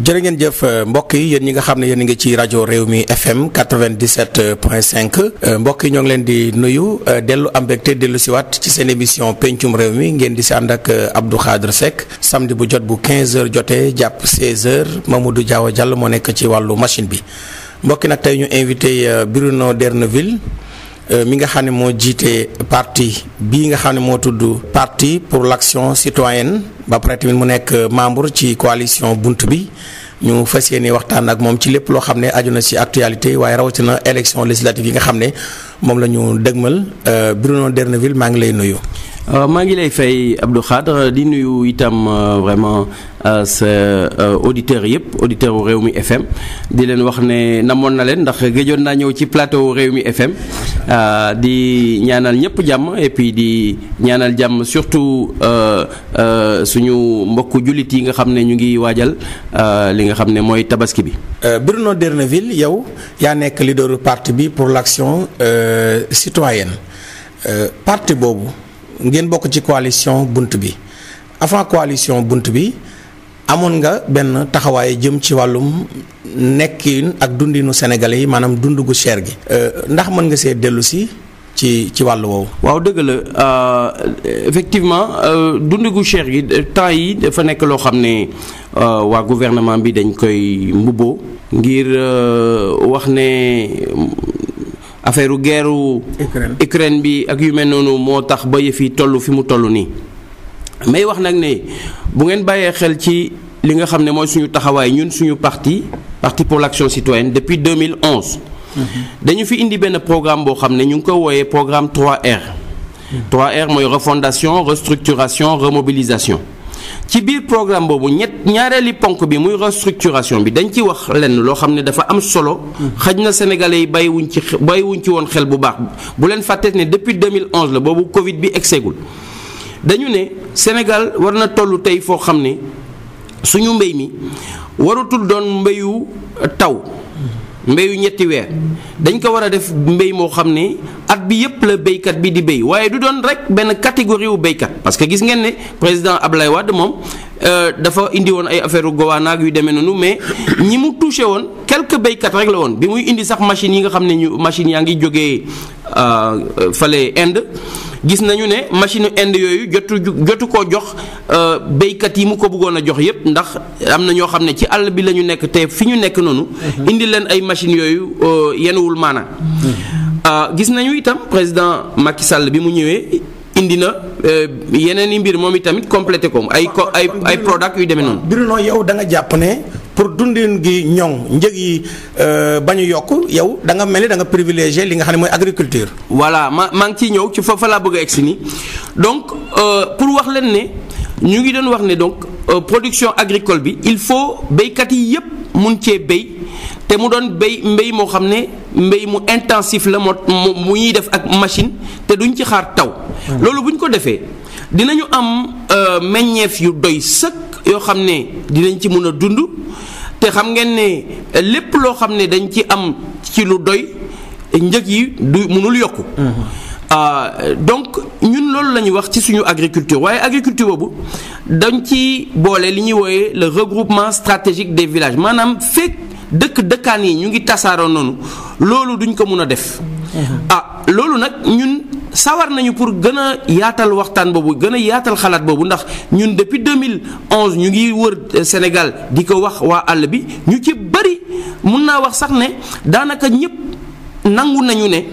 jërë ngeen jëf euh, mbokk yi yéen ñi nga xam ne yéen a ngi ci rajo réew mi FM 97.5 mbokk yi ñoo ngi leen di nuyu euh, dellu am mbégte dellu siwaat ci seen émission pencum réew mi ngeen di si ànd ak euh, Abdou Khadre Seck samedi bu jot bu 15h jotee jàpp 16h Mamadou Diaw jàll moo nekk ci wàllu machine bi mbokki nag tey ñu invité Bruno D'erneville Euh, mi nga xam ne moo jiite parti bii nga xam ne moo tudd parti pour l'action citoyenne ba pare mu nekk membre ci coalition bunt bi ñu fas yéene waxtaan ak moom ci lépp loo xam ne aju na ci actualité waaye rawatina élection législative yi nga xam ne moom la ñu dëgmal euh, Bruno Derneville maa ngi lay nuyu. Euh, maa ngi lay fay Abdou Khadre di nuyu itam euh, vraiment sa auditeurs yëpp auditeurs wu mi FM di leen wax ne namoon na leen ndax géjoon naa ñëw ci plateau Rewmi FM di ñaanal ñëpp jàmm et puis di ñaanal jàmm surtout suñu mbokk jullit yi nga xam ne ñu ngi waajal li nga xam ne mooy tabaski bi. Bruno Derneville yow yaa nekk leaderu parti bi pour l'action. Euh, citoyenne euh, parti boobu ngeen bokk ci coalition bunt bi avant coalition bunt bi amoon nga benn taxawaay jëm ci wàllum nekkin ak dundinu Sénégalais yi maanaam dund gu cher gi. Euh, ndax mën nga see dellu si. ci ci wàll woowu. waaw dëgg la effectivement dund gu cher gi temps yi dafa nekk loo xam ne waa gouvernement bi dañ koy mbubboo ngir wax ne affaire guerru Ukraine bi ak yu mel noonu moo tax ba yëf yi toll fi mu toll nii may wax nag ne bu ngeen bàyyee xel ci li nga xam ne mooy suñu taxawaay ñun suñu parti parti pour l'action citoyenne depuis 2011. Mhm. dañu fi indi benn programme boo xam ne ñu ngi ko wooyee programme 3R. Mhm. trois r mooy refondation restructuration remobilisation. ci biir programme boobu ñett ñaareeli ponk bi muy restructuration bi dañ ci wax lenn loo xam ne dafa am solo. xaj na sénégalais yi bàyyiwuñ ci bàyyiwuñ ci woon xel bu baax bu leen fàtte ne depuis 2011 la boobu Covid bi egseegul dañu ne Sénégal war na toll tey foo xam ne suñu mbéy mi waratul doon mbéyu taw. mbéyu ñetti weer dañ ko war a def mbéy moo xam ne at bi yëpp la béykat bi di béy waaye du doon rek benn catégorie wu béykat parce que gis ngeen ne président lay Wade moom Euh, dafa indi woon ay affaire gowaana yu demee noonu mais ñi mu touché woon quelques béykat rek la woon bi muy indi sax machines yi nga xam ne ñu machines yaa ngi jógee euh, fale Inde gis nañu ne machine Inde yooyu jotu jotu koo jox euh, béykat yi mu ko buggoon a jox yépp ndax am na ñoo xam ne ci àll bi la ñu nekk te fi ñu nekk noonu. Mhm. indi leen ay machines yooyu yenuwul maana mhm. gis nañu itam président Macky Sall bi mu ñëwee. indi na euh, yeneen i mbir moom itamit complété ko ay ko ay ay product yu demee noonu. Bruno yow da nga jàpp ne pour dundin gi ñoŋ njëg yi euh, bañu yokk yow da nga mel ni da nga privilégié li nga xam ne mooy agriculture. voilà ma maa ngi ciy ñëw ci foofu laa bëgg a egsi nii donc euh, pour wax leen ne ñu ngi doon wax ne donc production agricole bi il faut béykat yi yëpp mun cee béy. te mu doon béy mbéy moo xam ne mbéy mu intensif la moo mu ñuy def ak machine te duñ ci xaar taw loolu bu ñu ko defee dinañu am euh, meññeef yu doy sëkk yoo xam ne dinañ ci mun a dund te xam ngeen ne euh, lépp loo xam ne dañ ci am ci lu doy njëg yi du mënul yokku mm-hmm. euh, donc ñun loolu la ñuy wax ci suñu agriculture waaye agriculture boobu dañ ci boole li ñuy wooyee le regroupement stratégique des villages maanaam fekk dëkk dëkkaan yi ñu ngi tasaaroo noonu loolu duñ ko mun a def. ah loolu nag ñun sawar nañu pour gën a yaatal waxtaan boobu gën a yaatal xalaat boobu ndax ñun depuis 2011 ñu ngi wër euh, Sénégal di ko wax waa àll bi ñu ci bëri mun naa wax sax ne daanaka ñëpp nangu nañu ne.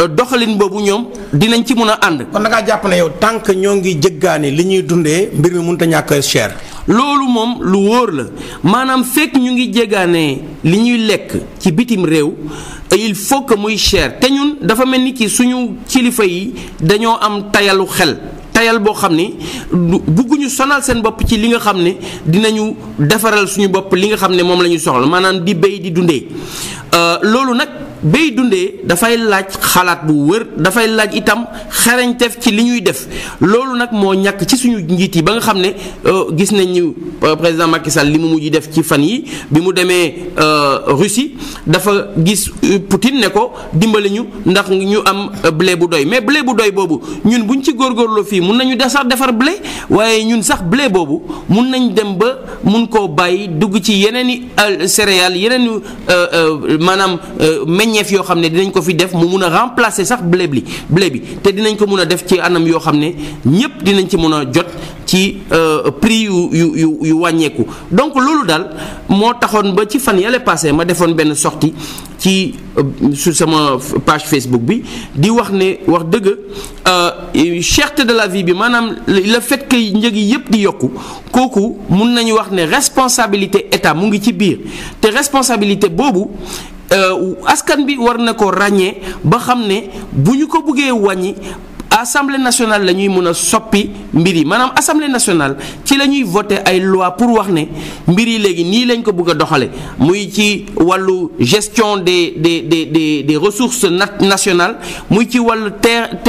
Euh, doxalin boobu ñoom dinañ ci mun a ànd. kon naga ngaa jàpp yow tant que ñoo ngi jëggaani li ñuy dundee mbir mi mënut a ñàkk cher. loolu moom lu wóor la maanaam fekk ñu ngi jéggaane li ñuy lekk ci bitim réew il faut que muy cher te ñun dafa mel ni ki suñu kilifa yi dañoo am tayalu xel tayal boo xam ni bugguñu sonal seen bopp ci li nga xam ne dinañu defaral suñu bopp li nga xam ne moom la ñu soxla maanaam di béy di dundee euh, loolu nag. bay dundee dafay laaj xalaat bu wër dafay laaj itam xarañtef ci li ñuy def loolu nag moo ñàkk ci suñu njiit yi ba nga xam ne euh, gis nañ ñu euh, président Macky Sall li mu mujj def ci fan yi bi mu demee euh, russi dafa gis Poutine ne ko dimbali ñu ndax ñu am blé bu doy mais blé bu doy boobu ñun buñ ci góorgóorloo fii mun nañu sax defar blé waaye ñun sax blé boobu mun nañ dem ba mun koo bàyyi dugg ci yeneen i céréales yeneen i maanaam meññeef yoo xam ne dinañ ko fi def mu mun a remplacer sax blé bi blé bi te dinañ ko mun a def ci anam yoo xam ne ñëpp dinañ ci mun a jot ci euh, prix yu yu yu yu wàññeeku. donc loolu daal moo taxoon ba ci fan yale passé ma defoon benn sortie ci euh, su sama page Facebook bi di wax ne wax dëgg euh, cherté de la vie bi maanaam le fait que njëg yi yëpp di yokku kooku mun nañu wax ne responsabilité état mu ngi ci biir te responsabilité boobu. Euh, askan bi war na ko ràññee ba xam ne bu ñu ko bëggee wàññi assemblée nationale la ñuy mën a soppi mbir yi maanaam assemblée nationale ci la ñuy voté ay loi pour wax ne mbir yi léegi nii lañ ko bëgg a doxale muy ci wàllu gestion des des des des des ressources nationales muy ci wàllu ter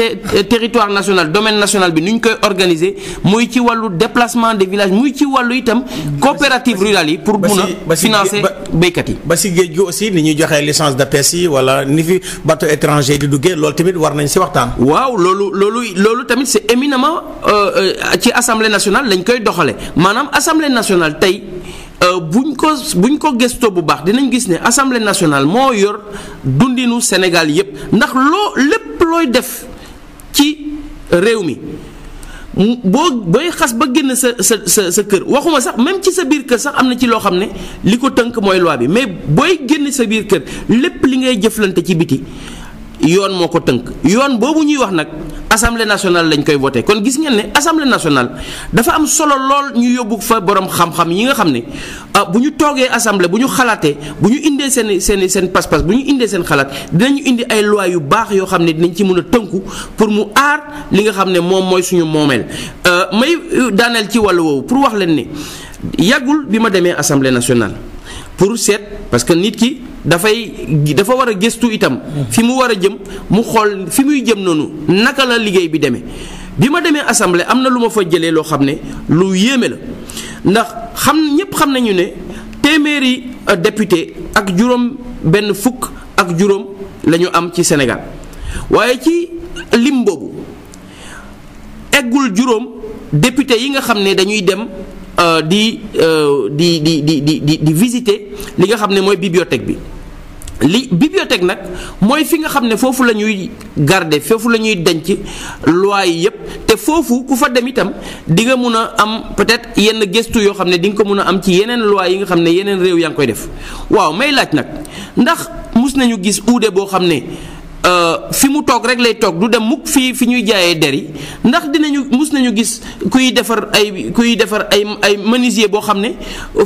territoire national domaine national bi nu ñu koy organiser muy ci wàllu déplacement des villages muy ci wàllu itam coopérative rurale yi pour mun a financer béykat yi ba si géej gi aussi ni ñuy joxee licence de pêche yi wala ni fi bateau étranger di duggee loolu tamit war nañ si waxtaan loolu loolu tamit c'est éminemment euh, euh, ci assemblée nationale lañ koy doxale maanaam assemblée nationale tey euh, buñ ko buñ ko gëstoo bu baax dinañ gis ne assemblée nationale moo yor dundinu Sénégal yépp ndax loo lépp looy def ci réew mi boo booy xas ba génn sa sa sa sa kër waxuma sax même ci sa biir kër sax am na ci loo xam ne li ko tënk mooy loi bi mais booy génn sa biir kër lépp li ngay jëflante ci biti yoon moo ko tënk yoon boobu ñuy wax nag assemblée nationale lañ koy voté kon gis ngeen ne assemblée nationale dafa am solo lool ñu yóbbu fa borom xam-xam yi nga xam ne ah, bu ñu toogee assemblée bu ñu xalaatee bu ñu indee seen seen seen pas-pas bu ñu indee seen xalaat dinañu indi ay loi yu baax yoo xam ne dinañ ci mën a tënku pour mu aar li nga xam ne moom mooy suñu moomeel euh, may euh, daaneel ci wàll woowu pour wax leen ne yàggul bi ma demee assemblée nationale. pour seet parce que nit ki dafay dafa war a gëstu itam fi mu war a jëm mu xool fi muy jëm noonu naka la liggéey bi demee bi ma demee assemblée am na lu ma fa jëlee loo xam ne lu yéeme la ndax xam ñépp xam nañu ne téeméeri euh, député ak juróom benn fukk ak juróom la am ci Sénégal waaye ci lim boobu eggul juróom député yi nga xam ne dañuy dem Euh, di euh, di di di di di di visiter li nga xam ne mooy bibliothèque bi li bibliothèque nag mooy fi nga xam ne foofu la ñuy garder foofu la ñuy denc loi yi yépp te foofu ku fa dem itam di nga mun a am peut-être yenn gëstu yoo xam ne di nga ko mun a am ci yeneen loi yi nga xam ne yeneen réew yaa ngi koy def waaw may laaj nag ndax mus nañu gis uude boo xam ne. Euh, fi mu toog rek lay toog du dem mukk fii fi ñuy jaayee der yi ndax dinañu mus nañu gis kuy defar ay kuy defar ay ay menuisier boo xam ne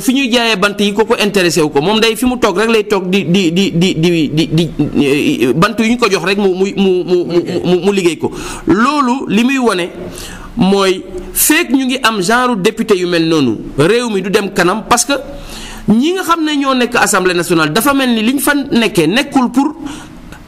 fi ñuy jaayee bant yi kooku intéressé wu ko moom day fi mu toog rek lay toog di di di di di di bant yu ñu ko jox rek mu mu mu mu mu liggéey ko loolu li muy wone mooy fekk ñu ngi am genre député yu mel noonu réew mi du dem kanam parce que ñi nga xam ne ñoo nekk assemblée nationale dafa mel ni li ñu fa nekkee nekkul pour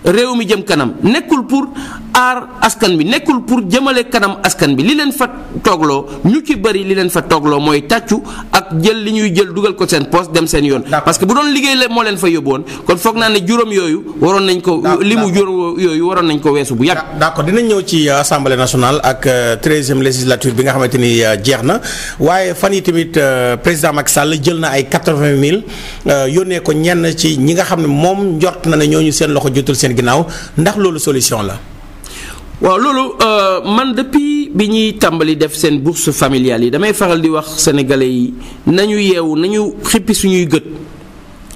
réew mi jëm kanam nekkul pour aar askan bi nekkul pour jëmale kanam askan bi li leen fa toogloo ñu ci bëri li leen fa toogloo mooy tàccu ak jël li ñuy jël dugal ko seen poste dem seen yoon. parce que bu doon liggéey la moo leen fa yóbboon kon foog naa ne juróom yooyu waroon nañ ko. li mu juróom yooyu waroon nañ ko weesu bu yàgg. d'accord dinañ ñëw ci euh, assemblée national ak euh, treizième législature bi nga xamante ni euh, jeex na waaye fan yi tamit président Macky Sall jël na ay quatre-vingt mille yónnee ko ñenn ci ñi nga xam ne moom njort na ne ñooñu seen loxo jotul seen seen ginnaaw ndax loolu solution la. waaw loolu euh, man depuis bi ñuy tàmbali def seen bourse familiale yi damay faral di wax sénégalais yi nañu yeewu nañu xippi suñuy gët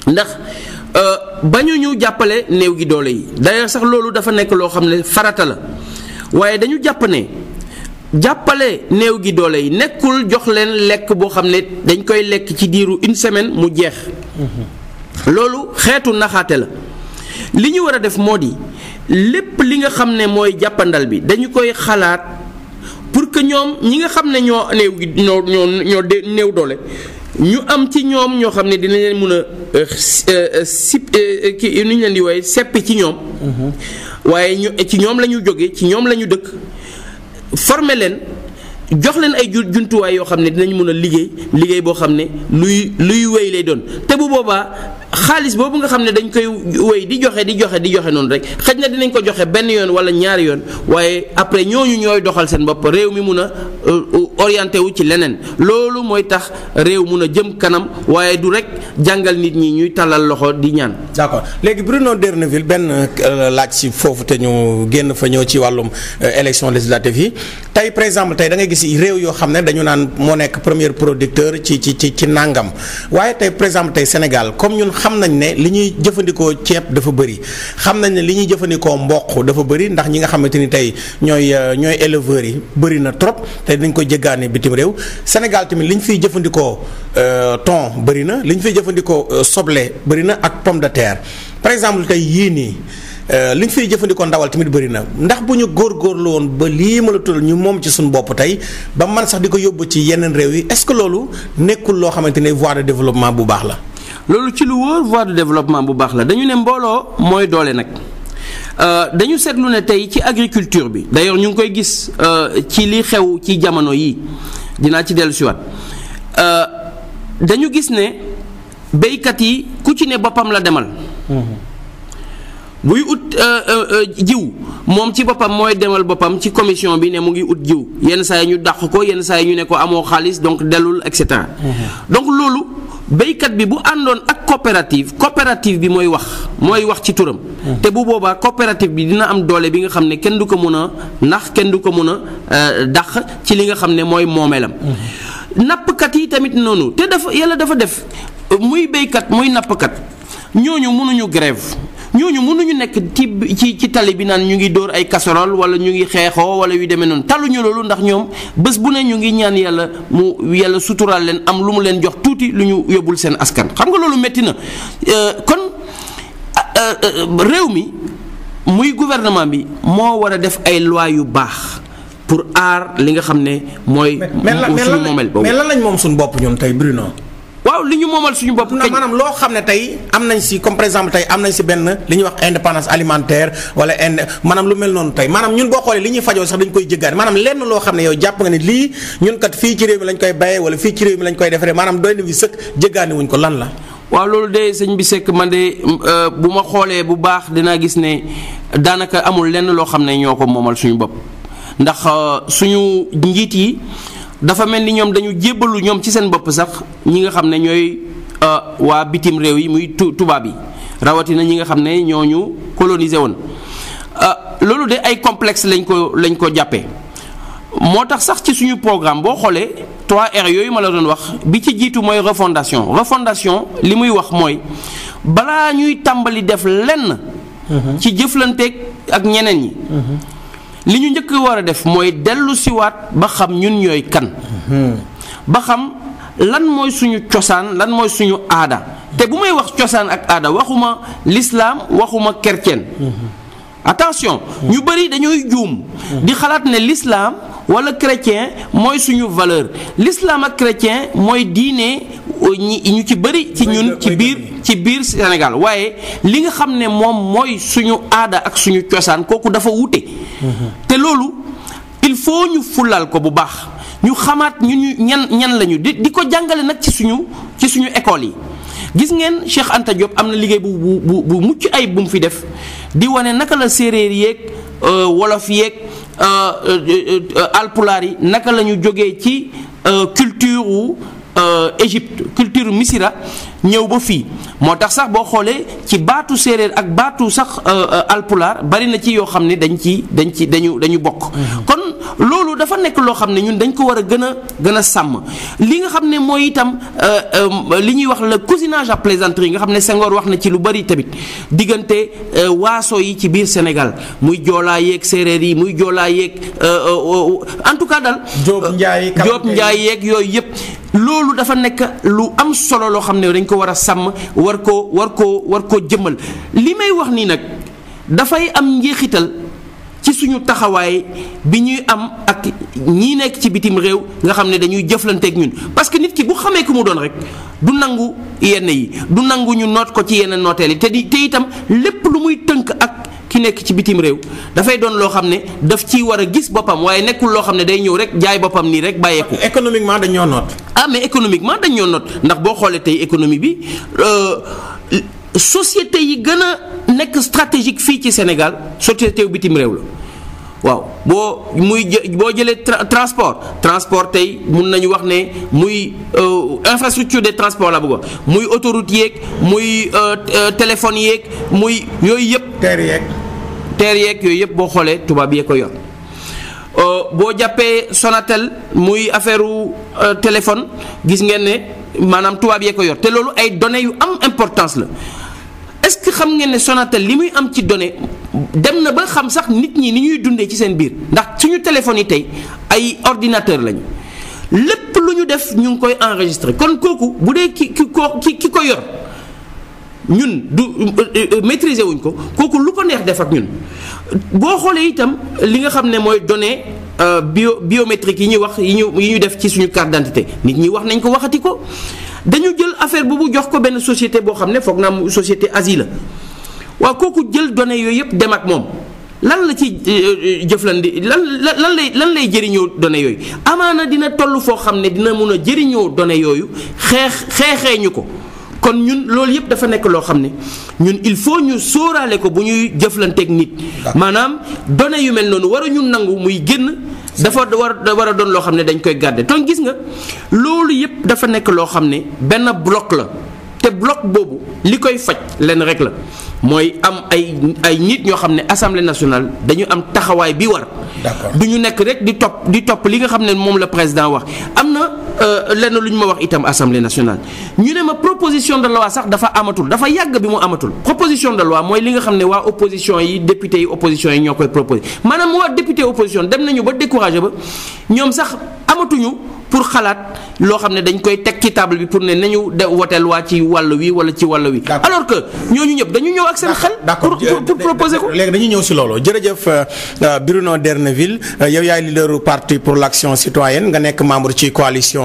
ndax euh, bañu ñu jàppale néew gi doole yi d'ailleurs sax loolu dafa nekk loo xam ne farata la waaye dañu jàpp ne jàppale néew gi doole yi nekkul jox leen lekk boo xam ne dañ koy lekk ci diiru une semaine mu jeex mm-hmm. loolu xeetu naxaate la. li ñu war a def moo di lépp li nga xam ne mooy jàppandal bi dañu koy xalaat pour que ñoom ñi nga xam ne ñoo néew ñoo ñoo néew doole ñu am ci ñoom ñoo xam ne dinañ leen mun a euh, euh, euh, sip ki nu ñu leen di wooye seppi ci ñoom mm-hmm. waaye ci ñoom lañu ñu ci ñoom lañu dëkk former leen jox leen ay ju jumtuwaay yoo xam ne dinañ mun a liggéey liggéey boo xam ne luy luy wéy lay doon te bu boobaa xaalis boobu nga xam ne dañ koy wéy di joxe di joxe di joxe noonu rek xëj na dinañ ko joxe benn yoon wala ñaari yoon waaye après ñooñu ñooy doxal seen bopp réew mi mun a euh, orienté wu ci leneen loolu mooy tax réew mun a jëm kanam waaye du rek jàngal nit ñi ñuy tàllal loxo di ñaan. d'accord léegi Bruno D'erneville benn euh, laaj si foofu te ñu génn fa ñëw ci wàllum euh, élection législative yi tey par exemple tey da ngay gis réew yoo xam ne dañu naan moo nekk première producteur ci ci ci ci nàngam waaye tey par exemple tey Sénégal comme ñun xam nañ ne li ñuy jëfandikoo ceeb dafa bëri xam nañ ne li ñuy jëfandikoo mboq dafa bëri ndax ñi nga xamante ni tey ñooy euh, ñooy éleveurs yi na trop waxtaanee bitim réew Sénégal tamit li ñu fiy jëfandikoo euh, ton bëri na li ñu fiy jëfandikoo euh, soble bëri na ak pomme de terre par exemple tey yii nii euh, li ñu fiy jëfandikoo ndawal tamit bëri na ndax bu ñu góorgóorlu woon ba lii ma la tuddal ñu moom ci suñu bopp tey ba man sax di ko yóbbu ci yeneen réew yi est-ce que loolu nekkul loo xamante ne voie de développement bu baax la. loolu ci lu wóor voie de développement bu baax la dañu ne mbooloo mooy doole nag. Euh, dañu seetlu ne tey ci agriculture bi d'ailleurs ñu ngi koy gis euh, ci li xew ci jamono yi dinaa ci dellu siwaat euh, dañu gis ne béykat yi ku ci ne boppam la demal buy ut jiw moom ci boppam mooy demal boppam ci commission bi ne mu ngi ut jiw yenn saa yi ñu dàq ko yenn saa yi ñu ne ko amoo xaalis donc dellul et mmh. donc loolu béykat bi bu àndoon ak coopérative coopérative bi mooy wax mooy wax ci turam. te bu boobaa coopérative bi dina am doole bi nga xam ne kenn du ko mun a ndax kenn du ko mën a euh, dàq ci li nga xam ne mooy moomeelam. nappkat yi tamit noonu te dafa yàlla dafa def muy béykat muy nappkat. ñooñu mënuñu grève ñooñu mënuñu nekk ci ci ci tali bi naan ñu ngi dóor ay casserole wala ñu ngi xeexoo wala yu demee noonu taluñu loolu ndax ñoom bés bu ne ñu ngi ñaan yàlla mu yàlla suturaal leen am lu mu leen jox tuuti lu ñu yóbbul seen askan xam nga loolu metti na euh, kon euh, euh, réew mi muy gouvernement bi moo war a def ay loi yu baax pour aar li nga xam ne mooy. suñu moomel boobu mais lan lañ moom suñu bopp ñoom tey Bruno. waaw li ñu moomal suñu bopp. kañ maanaam loo xam ne tey am nañ si comme par exemple tey am nañ si benn li ñuy wax indépendance alimentaire wala ind maanaam lu mel noonu tey maanaam ñun boo xoolee li ñu fajoo sax dañ koy jéggaane maanaam lenn loo xam ne yow jàpp nga lii ñun kat fii ci réew lañ koy bayee wala fii ci réew lañ koy defaree maanaam doy na bi sëkk jéggaane wuñ ko lan la. waaw loolu de sëñ bi sekk ma de euh, bu ma xoolee bu baax dinaa gis ne daanaka amul lenn loo xam ne ñoo ko moomal suñu bopp ndax euh, suñu njiit yi. dafa mel ni ñoom dañu jébbalu ñoom ci seen bopp sax ñi nga xam ne ñooy euh, waa bitim réew yi muy tu tubaab yi rawatina ñi nga xam ne ñoo ñu colonisé woon euh, loolu de ay complexe lañ ko lañ ko jàppee moo tax sax ci suñu programme boo xoolee 3R yooyu ma la doon wax bi ci jiitu mooy refondation refondation li muy wax mooy balaa ñuy tàmbali def lenn. Mm-hmm. ci jëflanteeg ak ñeneen yi li ñu njëkk war a def mooy dellu siwaat ba xam ñun ñooy kan ba xam lan mooy suñu cosaan lan mooy suñu aada te bu may wax cosaan ak aada waxuma lislaam waxuma kerceen attention ñu bëri dañuy juum di xalaat ne lislaam wala chrétien mooy suñu valeur lislaam ak chrétien mooy diine ñu ci bëri ci ñun ci biir ci biir Sénégal waaye li nga xam ne moom mooy suñu aada ak suñu cosaan kooku dafa wute te loolu il faut ñu fulal ko bu baax ñu xamaat ñu ñu ñan ñan lañu di di ko jàngale nag ci suñu ci suñu école yi gis ngeen Cheikh Anta Diop am na liggéey bu bu bu mucc ay bu mu fi def di wane naka la séeréer yeeg euh, wolof yéeg euh, euh, alpulaar yi naka lañu ñu ci culture wu Euh, Égypte culture misira ñëw ba fii moo tax sax boo xoolee ci baatu séeréer ak baatu sax euh, euh, alpulaar bari na ci yoo xam ne dañ ci dañ ci dañu dañu bokk mm-hmm. kon loolu dafa nekk loo xam ne ñun dañ ko war a gën a gën a sàmm li nga xam ne mooy itam euh, euh, li ñuy wax la cousinage à plaisanterie nga xam ne Senghor wax na ci lu bari tamit diggante euh, waaso yi ci biir Sénégal muy joolaa yeeg séeréer yi muy joolaa yeeg en tout cas daal. Diop Ndiaye Diop Ndiaye yeeg yooyu yëpp. loolu dafa nekk lu am solo loo xam ne dañ ko war a sàmm war koo war koo war koo jëmmal li may wax nii nag dafay am njeexital. ci suñu taxawaay bi ñuy am ak ñii nekk ci bitim réew nga xam ne dañuy jëflante jëflanteeg ñun parce que nit ki bu xamee ku mu doon rek du nangu yenn yi du nangu ñu noot ko ci yenn nooteel yi te di te itam lépp lu muy tënk ak ki nekk ci bitim réew dafay doon loo xam ne daf ciy war a gis boppam waaye nekkul loo xam ne day ñëw rek jaay boppam nii rek bàyyeeku. économiquement dañ ñoo noot. ah mais économiquement dañ ñoo noot ndax boo xoolee tey économie bi. Euh, société yi gën a nekk stratégique fii ci Sénégal société yu bitim réew la waaw boo muy boo jëlee transport transport tey mun nañu wax ne muy euh, infrastructure de transport la bëgg muy autoroute yéeg muy euh, euh, téléphone yeeg muy yooyu yëpp. teer yeeg. teer yeeg yooyu yëpp boo xoolee tubaab yee ko yor boo jàppee Sonatel muy affaire téléphone gis ngeen ne maanaam tubaab yee ko yor te loolu ay données yu am importance la. est-ce que xam ngeen ne Sonatel li muy am ci données dem na ba xam sax nit ñi ni ñuy dundee ci seen biir ndax suñu téléphones yi tey ay ordinateur lañu lépp lu ñu def ñu ngi koy enregistré kon kooku bu dee ki ki ko ki ki ko yor ñun du euh, euh, euh, maîtriser wuñ ko kooku lu ko neex def ak ñun boo xoolee itam li nga xam ne mooy données bio biométriques yi ñuy wax yi ñu yi def ci suñu carte nit ñi wax nañ ko waxati ko dañu jël affaire boobu jox ko benn société boo xam ne foog naa am société Asie la waaw kooku jël données yooyu yëpp dem ak moom lan la ci euh, euh, jëflandi lan lan lay lan lay jëriñoo données yooyu amaana dina toll foo xam ne dina mun a jëriñoo données yooyu xeex xeexee ñu ko. kon ñun loolu yëpp dafa nekk loo xam ne ñun il faut ñu sooraale ko bu ñuy jëflanteeg nit. maanaam données yu mel noonu war a ñun nangu muy génn. dafa war war a doon loo xam ne dañu koy garder ton gis nga loolu yëpp dafa nekk loo xam ne benn bloc la te bloc boobu li koy faj leen rek la mooy am ay ay nit ñoo xam ne assemblée nationale dañu am taxawaay bi war. d'accord du ñu nekk rek di topp di topp li nga xam ne moom la président wax am na. lenn lu ñu ma wax itam assemblée nationale ñu ne ma proposition de loi sax dafa amatul dafa yàgg bi mu amatul proposition de loi mooy li nga xam ne waa opposition yi député yi opposition yi ñoo koy proposé maanaam waa député opposition dem nañu ba découragé ba ñoom sax amatuñu. pour xalaat loo xam ne dañ koy teg ci table bi pour ne nañu de wote ci wàll wi wala ci wàll wi. alors que ñooñu ñëpp dañu ñëw ak seen xel. pour pour proposer ko. léegi dañu ñëw si loolu jërëjëf euh, euh, Bruno D'erneville euh, yow yaay leaderu parti pour l'action citoyenne nga nekk membre ci coalition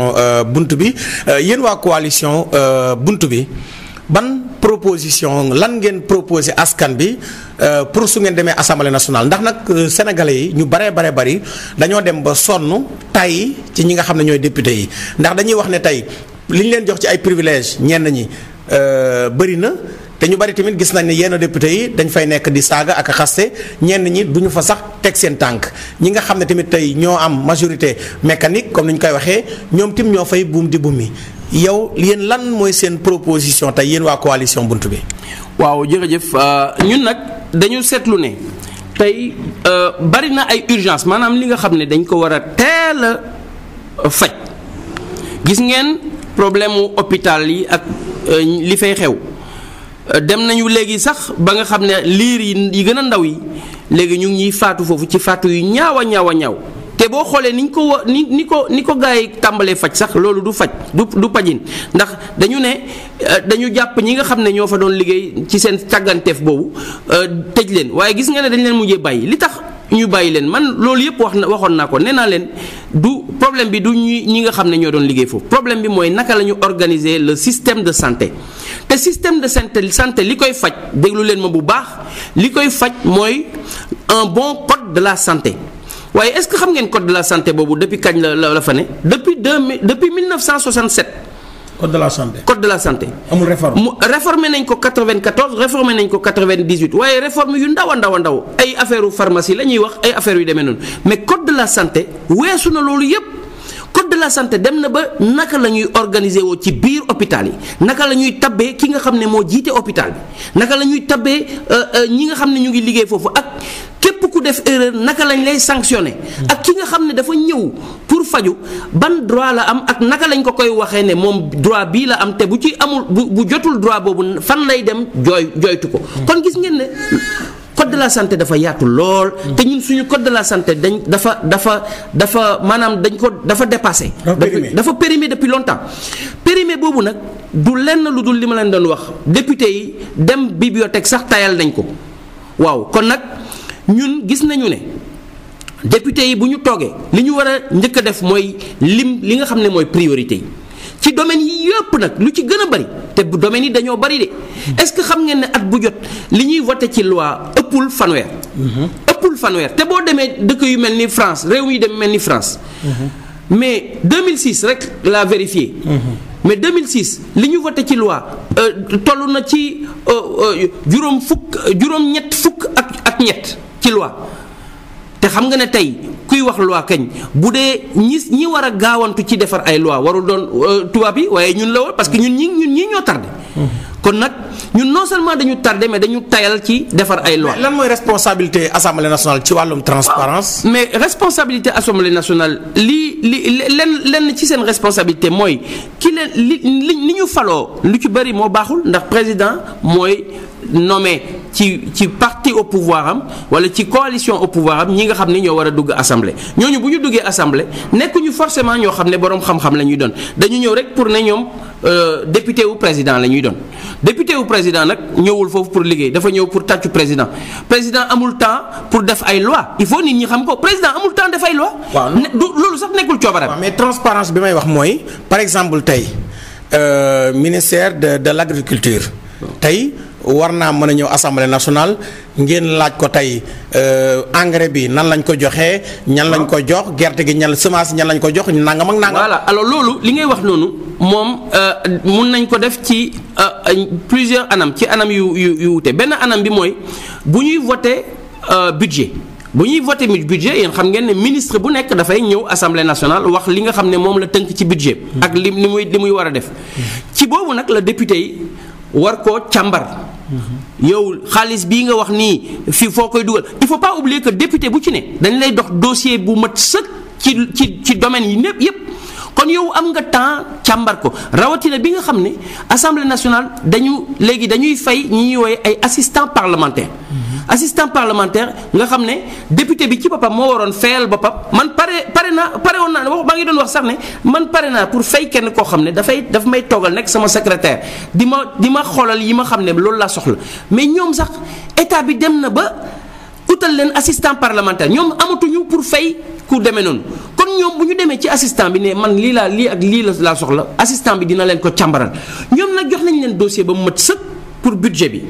bunt bi yéen waa coalition bunt bi proposition lan ngeen proposé askan bi euh, pour su ngeen demee assemblée nationale ndax nag euh, sénégalais yi ñu baree bare bari dañoo dem ba sonn tay ci ñi nga xam ne ñooy député yi ndax dañuy wax ne tey li ñu leen jox ci ay privilèges ñenn ñi euh, bëri na. te ñu bari tamit gis nañ ne yenn député yi dañ fay nekk di saaga ak xaste ñenn ñi bu ñu fa sax teg seen tànk ñi nga xam ne tamit tey ñoo am majorité mécanique comme ni ñu koy waxee ñoom tim ñoo fay buum di buum yi yow yéen lan mooy seen proposition tey yéen waa coalition bunt bi. waaw jërëjëf euh, ñun nag dañu seetlu ne tey euh, bari na ay urgence maanaam li nga xam ne dañ ko war a teel a faj gis ngeen problème mu hôpital yi ak euh, li fay xew. dem nañu léegi sax ba nga xam ne liir yi gën a ndaw yi léegi ñu ngi ñuy faatu foofu ci faatu yu ñaaw a ñaaw a ñaaw te boo xoolee ni ñu ko wa ni ni ko ni ko gars yi tàmbalee faj sax loolu du faj du du pajin ndax dañu ne euh, dañu jàpp ñi nga xam ne ñoo fa doon liggéey ci seen càgganteef boobu euh, tëj leen waaye gis nga ne dañ leen mujjee bàyyi li tax ñu bàyyi leen man loolu yëpp wax na waxoon naa ko nee naa leen du problème bi du ñuy ñi nga xam ne ñoo doon liggéey foofu problème bi mooy naka la ñu le système de santé te système de santé li koy faj déglu leen ma bu baax li koy faj mooy un bon code de la santé waaye est que xam ngeen code de la santé boobu depuis kañ la la fa ne depuis deux mille depuis 1967. code de la santé code de la santé. réforme nañ ko 94 nañ ko waaye réforme yu ndaw a ndaw a ndaw ay affaire pharmacie la ñuy wax ay affaire yu demee noonu mais code de la santé weesu na loolu code de la santé dem na ba naka la ñuy organiser woo ci biir hôpital yi naka la ñuy tabbee ki nga xam ne moo jiite hôpital bi naka la ñuy tabbee euh, euh, ñi nga xam ne ñu ngi liggéey foofu ak képp ku def erreur naka lañ lay sanctionné ak ki nga xam ne dafa ñëw pour faju ban droit la am ak naka lañ ko koy waxee ne moom droit bii la am te bu ci amul bu bu jotul droit boobu fan lay dem jooy jooytu ko kon gis ngeen ne code la santé dafa yaatu lool. te suñu code de la santé dañ dafa dafa dafa maanaam dañ ko dafa dépassé. dafa périmé depuis longtemps. périmé boobu nag du lenn lu dul li ma leen doon wax député yi dem bibliothèque sax tayal nañ ko waaw kon nag ñun gis nañu ne. député yi bu ñu toogee li ñu war a njëkk a def mooy lim li nga xam ne mooy priorité yi ci domaine yi yëpp nag lu ci gën a bari te bu domaine yi dañoo bari de est-ce que xam ngeen ne at bu jot li ñuy voté ci loi ëppul fanweer. ëppul fanweer te boo demee dëkk yu mel ni France réew mi dem mel ni France. mais 2006 rek laa vérifié. mais 2006 li ñuy voté ci loi euh, tollu na ci euh, euh, juróom fukk juróom ñett fukk ak ak ñett ci loi te xam nga ne tey kuy wax loi kañ bu dee ñi ñi war a gaawantu ci defar ay loi warul doon euh, tubaab yi waaye ñun la woon parce que ñun ñi ñun ñii ñoo tardé. kon nag ñun non seulement dañu tardé mais dañu tayal ci defar ay loi lan mooy responsabilité assemblée nationale ci wàllum transparence ah, mais responsabilité assemblée nationale lii li lenn lenn ci seen responsabilité mooy ki leen li li ñu faloo lu ci bëri moo baaxul ndax président mooy. nommé ci ci parti au pouvoir am wala ci coalition au pouvoir am ñi nga xam ne ñoo war a dugg assemblée ñooñu bu ñu duggee assemblée nekkuñu forcément ñoo xam ne boroom xam-xam la ñuy doon dañu ñëw rek pour ne ñoom euh, député wu président la ñuy doon. député wu président nag ñëwul foofu pour liggéey dafa ñëw pour tàccu président président amul temps pour def ay loi il faut nit ñi xam ko président amul temps def ay loi. waaw du loolu sax nekkul coobaram. waaw mais transparence bi may wax mooy par exemple tey euh, ministère de de l'agriculture tey. war naa mën a ñëw assemblée nationale ngeen laaj ko tey euh, engrais bi nan lañ ko joxe ñan lañ ko jox gerte gi ñan semence ñan lañ ko jox nangam ak nangam. voilà alors loolu li ngay wax noonu moom euh, mun nañ ko def ci euh, plusieurs anam ci anam yu yu yu benn anam bi mooy bu ñuy voté budget. bu ñuy voté budget yéen xam ngeen ne ministre bu nekk dafay ñëw assemblée nationale wax li nga xam ne moom la tënk ci budget hmm. ak li li muy li muy war a def hmm. ci boobu nag la député yi war koo càmbar yow xaalis bii nga wax nii fii foo koy dugal il faut pas oublier député bu ci ne dañ lay dox dossier bu mat sëkk ci ci ci domaine yi népp yépp kon yow am nga temps càmbar ko rawatina bi nga xam ne assemblée nationale dañu léegi dañuy fay ñu ñuy wooye ay assistant parlementaire assistant parlementaire nga xam ne député bi ci boppa moo waroon fayal boppam man pare pare naa pare woon naa ne wax maa ngi doon wax sax ne man pare naa pour fay kenn koo xam ne dafay daf may toggal nekk sama secrétaire di ma di ma xoolal yi ma xam ne loolu laa soxla mais ñoom sax état bi dem na ba utal leen assistant parlementaire ñoom amatuñu pour fay ku demee noonu. ñoom bu ñu demee ci assistant bi ne man lii laa lii ak lii la laa soxla assistant bi dina leen ko càmbaral ñoom nag jox nañ leen dossier ba mu mët sëpp pour budget bi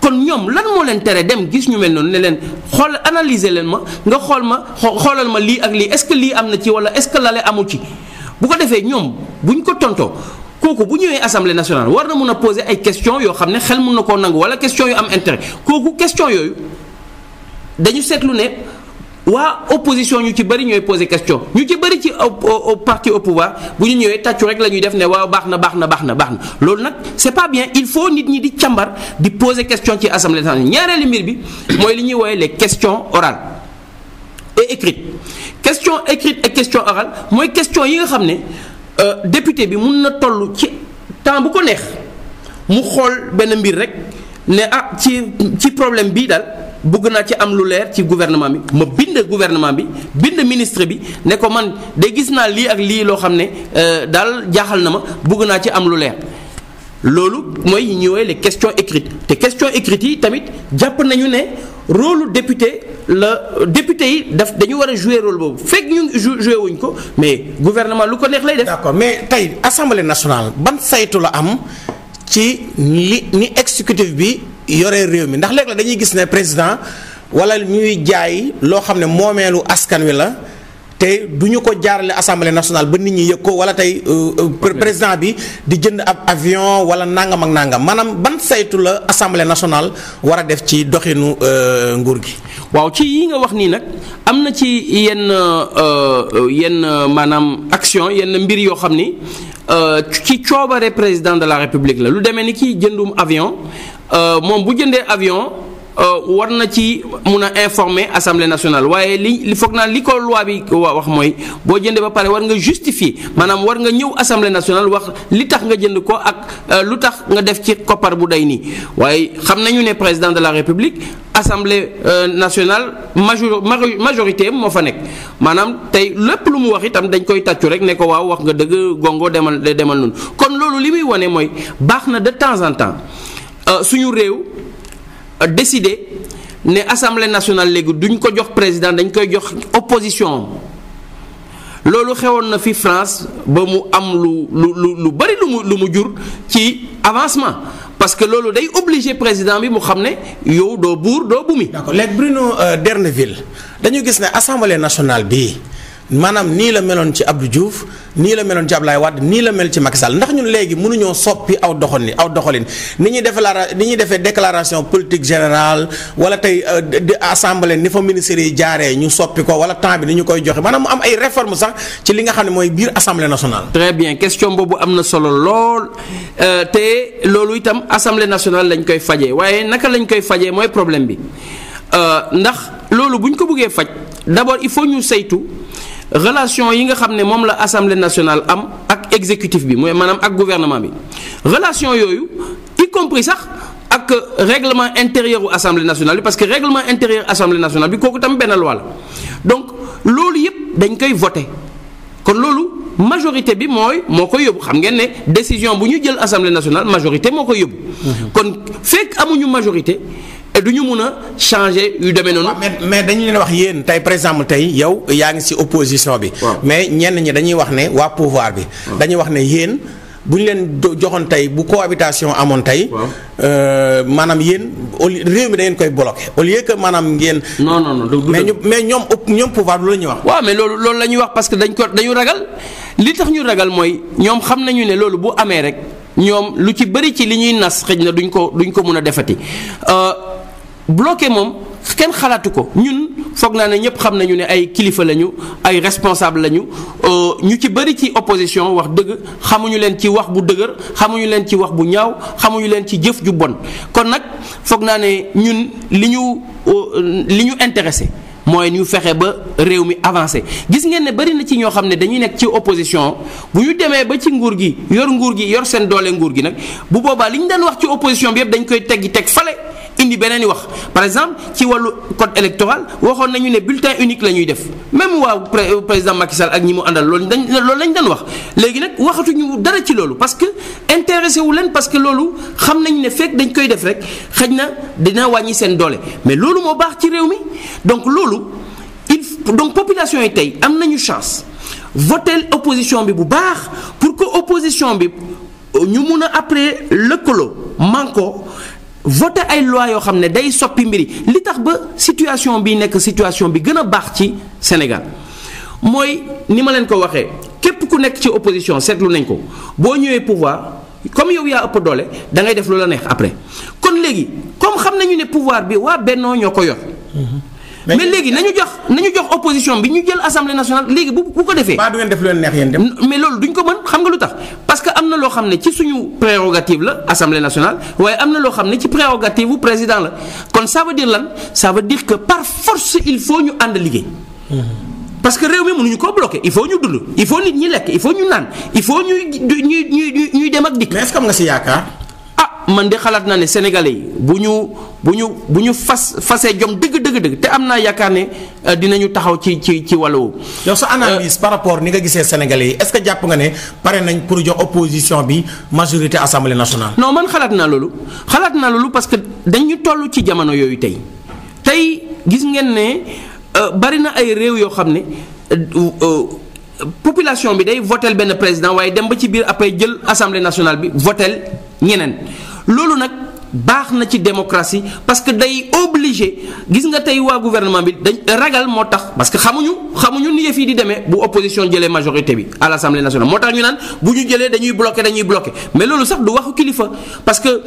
kon ñoom lan moo leen tere dem gis ñu mel noonu ne leen xool analyser leen ma nga xool ma xoolal ma lii ak lii est-ce que lii am na ci walla est-ce que lale amul ci bu ko defee ñoom bu ñu ko tontoo kooku bu ñëwee assemblée nationale war na mun a poser ay questions yoo xam ne xel mun na koo nangu walla question yu am intérêt kooku question yooyu dañu seetlu ne. waa opposition ñu ci bëri ñooy poser question ñu ci bëri ci parti au pouvoir bu ñu ñëwee tàccu rek la ñuy def ne waaw baax na baax na baax na baax na loolu nag c'est pas bien il faut nit ñi di cambar di poser question ci assemblée nationale ñaareelu mbir bi mooy li ñuy woowee les questions orales et écrite question écrite et question orale mooy question yi nga xam ne euh, député bi mun na toll ci temps bu ko neex mu xool benn mbir rek ne ah ci ci problème bii daal. bugg naa ci am lu leer ci gouvernement bi ma bind gouvernement bi bind ministre bi ne ko man de gis naa lii ak lii loo xam ne euh, daal jaaxal na ma bugg naa ci am lu leer loolu mooy ñëwee les question écrites te question écrites yi tamit jàpp nañu ne rôle député la député yi daf dañu war a jouer rôle boobu fekk ñu jouer wuñ ko mais gouvernement lu ko neex lay def. d'accord mais tey assemblée nationale ban saytu la am ci li ni exécutif bi. yore réew mi ndax léeg la dañuy gis ne président wala ñuy jaay loo xam ne moomeelu askan wi la te du ñu ko jaarale assemblée nationale ba nit ñi yëg ko wala tey euh, euh, président bi di jënd ab avion wala nangam ak nangam maanaam ban saytu la assemblée nationale war a def ci doxinu euh, nguur gi. waaw ci yi nga wax nii nag am na ci yenn yenn maanaam action yenn mbir yoo xam ni ci coobare président de la république la lu demee ni ki jëndum avion. Euh, moom bu jëndee avion euh, war na ci mun a informer assemblée nationale waaye li foog naa li ko loi bi wax mooy boo jëndee ba pare war nga justifier maanaam war nga ñëw assemblée nationale wax li tax nga jënd ko ak euh, lu tax nga def ci koppar bu day nii waaye xam nañu ne président de la république assemblée nationale major majorité moo fa nekk maanaam tey lépp lu mu wax itam dañ koy tàccu rek ne ko waaw wax nga dëgg gongo demal demal noonu kon loolu li muy wane mooy baax na de temps en temps. Euh, suñu réew euh, décidé ne assemblée nationale léegi duñ ko jox président dañ koy jox opposition loolu xewoon na fi France ba mu am lu lu lu lu bari lu mu lu mu jur ci avancement parce que loolu day obligé président bi mu xam ne yow doo buur doo bumi. d'accord léegi Bruno euh, Derneville dañu gis ne assemblée nationale bi maanaam nii la meloon ci Abdou Diouf. nii la meloon ci Ablaye Wade nii la mel ci Macky Sall ndax ñun léegi mënuñoo soppi aw doxalin aw doxalin ni ñuy déclarer ni ñuy defee déclaration politique général wala tey euh, assemblée ni fa ministère yi jaaree ñu soppi ko wala temps bi ni ñu koy joxe maanaam mu am ay réforme sax ci li nga xam ne mooy biir assemblée nationale. très bien question boobu am na solo lool euh, te loolu itam assemblée nationale lañ koy fajee waaye naka lañ koy fajee mooy problème bi euh, ndax loolu bu ko bëggee faj d'abord il ñu saytu. relation yi nga xam ne moom la assemblée nationale am ak executif bi mooy maanaam ak gouvernement bi relation yooyu y compris sax ak règlement intérieur u assemblée nationale bi parce que règlement intérieur assemblée nationale bi kooku tam benn loi donc loolu yëpp dañ koy vote kon loolu majorité bi mooy moo koy yóbbu xam ngeen ne décision bu ñu jël assemblée nationale majorité moo koy yóbbu mmh. kon fekk amuñu majorité du ñu mun a changer yu demee noonu. mais dañu leen wax yéen tey par exemple tey yow yaa ngi ci opposition bi. mais ñenn ñi dañuy wax ne waa pouvoir bi. dañuy wax ne yéen. bu ñu leen joxoon tey bu cohabitation amoon tey. Euh, maanaam yéen au réew mi da koy bloqué au lieu que maanaam ngeen. noon non non mais mais ñoom ñoom pouvoir lu la ñuy wax. waaw mais loolu loolu la ñuy wax parce que ko dañu ragal li tax ñu ragal mooy ñoom xam nañu ne loolu bu amee rek ñoom lu ci bëri ci li ñuy nas xëj na duñ ko duñ ko mën a defati. Euh, bloqué moom kenn xalaatu ko ñun foog naa ne ñëpp xam nañu ne ay kilifa lañu ay responsable lañu euh, ñu ci bëri ci opposition wax dëgg xamuñu leen ci wax bu dëgër xamuñu leen ci wax bu ñaaw xamuñu leen ci jëf ju bon kon nag foog naa ne ñun li ñu euh, li ñu intéressé mooy ñu fexe ba réew mi avancé gis ngeen ne bari na ci ñoo xam ne dañuy nekk ci opposition bu ñu demee ba ci nguur gi yor nguur gi yor seen doole nguur gi nag bu boobaa li ñu daan wax ci opposition bi indi beneen wax par exemple ci wàllu code électoral waxoon nañu ne bulletin unique la ñuy def même waaw président Macky Sall ak ñi mu àndal loolu dañ loolu lañ doon wax léegi nag waxatuñu dara ci loolu parce que intéressé wu leen parce que loolu xam nañu ne fekk dañ koy def rek xëj na dina wàññi seen doole mais loolu moo baax ci réew mi donc loolu il donc population yi tey am nañu chance voter opposition bi bu baax pour que opposition bi ñu mun a après lëkkaloo manko voté ay loi yoo xam ne day soppi mbiri li tax ba situation bi nekk situation bi gën a baax ci Sénégal mooy ni ma leen ko waxee képp ku nekk ci opposition seetlu nañ ko boo ñëwee pouvoir comme yow yaa ëpp doole dangay def lu la neex après kon léegi comme xam nañu ne pouvoir bi waa Bennoo ñoo ko yor. Mhm. mais léegi nañu jox nañu jox opposition bi ñu jël assemblée nationale léegi bu bu ko defee. ba du ngeen def lu leen mais loolu duñ ko mën xam nga lu tax parce que am na loo xam ne ci suñu prérogative la assemblée nationale waaye am na loo xam ne ci prérogative bu président la kon ça veut dire lan ça veut que par force il faut ñu ànd liggéey. Mmh. parce que réew mi mu mënuñu koo bloqué il faut ñu dund il faut nit ñi lekk il faut ñu naan il faut ñuy ñuy ñuy ñuy dem ak dikk. am nga si yaakaar. ah man de xalaat naa ne sénégalais bu ñu bu ñu bu ñu fas fasee jom dëgg dëgg dëgg te am naa yaakaar ne euh, dinañu taxaw ci ci ci wàllu. yow sa analyse euh, par rapport ni nga gisee Sénégalais yi est-ce que jàpp nga ne pare nañ pour jox opposition bi majorité assemblée nationale. noo man xalaat naa loolu xalaat naa loolu parce que dañu toll ci jamono yooyu tey tey gis ngeen ne euh, bari na ay réew yoo xam ne. population bi day votel benn président waaye dem ba ci biir après jël assemblée nationale bi votel ñeneen loolu nag baax na ci démocratie parce que day obligé gis nga tey waa gouvernement bi dañ ragal moo tax parce que xamuñu xamuñu ni yëf yi di demee bu opposition jëlee majorité bi à l'Assemblée nationale moo tax ñu naan bu ñu jëlee dañuy bloqué dañuy bloqué mais loolu sax du wax kilifa parce que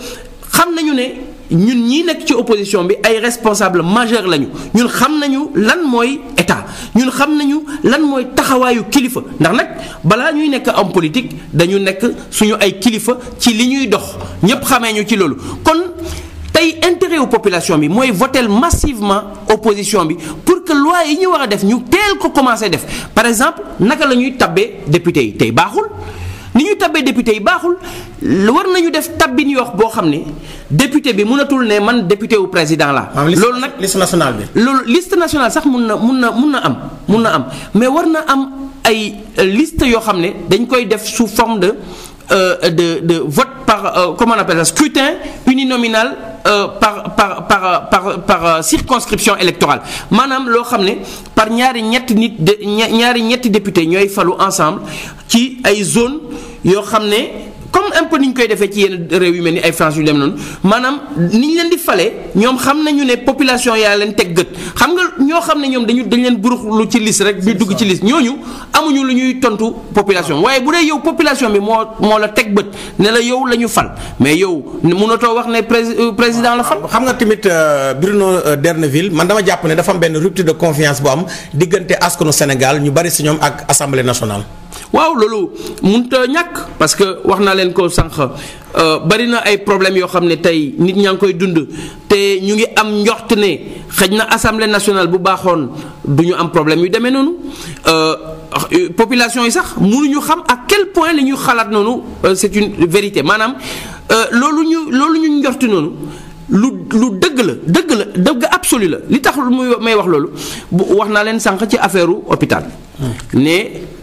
xam nañu ne. ñun ñii nekk ci opposition bi ay responsable majeur lañu ñun xam nañu lan mooy état ñun xam nañu lan mooy taxawaayu kilifa ndax nag balaa ñuy nekk am politique dañu nekk suñu ay kilifa ci li ñuy dox ñépp xamee ñu ci loolu kon tey intérêt wu population bi mooy votel massivement opposition bi pour que loi yi ñu war a def ñu teel ko commencé def par exemple naka la ñuy tabbee député yi tey baaxul ni ñu tabee député yi baaxul war nañu def tabbin yox boo xam ne député bi mënatul ne man député wu président la loolu nag list nationale bi. loolu liste nationale sax mun na mun na mun na am mun na am mais war na am ay liste yoo xam ne dañ koy def sous forme de. euh, de de vote par euh, comment on appelle ça scrutin uninominal euh, par par par euh, par par euh, circonscription électorale maanaam loo xam ne par ñaari ñetti nit de ñaari ñetti député ñooy falu ensemble ci ay zone yoo xam ne. comme un peu ni ñu koy defee ci yenn réew yu mel ni ay France yu dem noonu maanaam ni ñu leen di fale ñoom xam nañu ne population yaa leen teg gët xam nga ñoo xam ne ñoom dañu dañ leen buruxlu ci liste rek ñu dugg ci liste ñooñu amuñu lu ñuy tontu population waaye bu dee yow population bi moo moo la teg bët ne la yow la ñu fal mais yow mënatoo wax ne euh, président la fal. xam nga tamit euh, Bruno euh, Derneville man dama jàpp ne dafa benn rupture de confiance bu am diggante askanu Sénégal ñu bari si ñoom ak assemblée nationale. waaw loolu mënut a ñàkk parce que wax naa leen ko sànq euh, bari na ay problèmes yoo xam ne tey nit ñaa ngi koy dund te ñu ngi am njort ne xëj na assemblée nationale bu baaxoon du ñu am problème yu demee noonu. Euh, euh, population yi sax mu ñu xam ak quel point li ñu xalaat noonu c'est une vérité maanaam loolu ñu loolu ñu njorti noonu lu lu dëgg la dëgg la dëgg absolu la li tax muy may wax loolu wax naa leen sànq ci affaire hôpital hmm. ne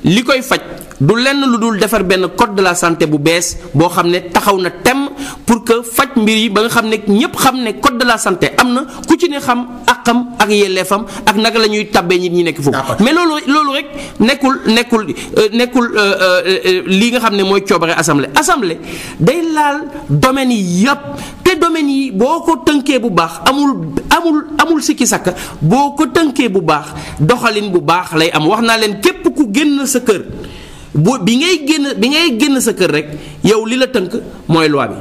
li koy faj. du lenn lu dul defar benn code de la santé bu bees boo xam ne taxaw na tem pour que faj mbir yi ba nga xam ne ñëpp xam ne code de la santé am na ku ci ne xam àqam ak yelleefam ak naka la ñuy tabbee nit ñi nekk foofu. mais loolu loolu rek nekkul nekkul euh, nekkul euh, euh, li nga xam ne mooy coobare assemblée assemblée day laal domaine yi yëpp te domaine yi boo ko tënkee bu baax amul amul amul sikki sàkk boo ko tënkee bu baax doxalin bu baax lay am wax naa leen képp ku génn sa kër. bu bi ngay génn bi ngay génn sa kër rek yow li la tënk mooy loi bi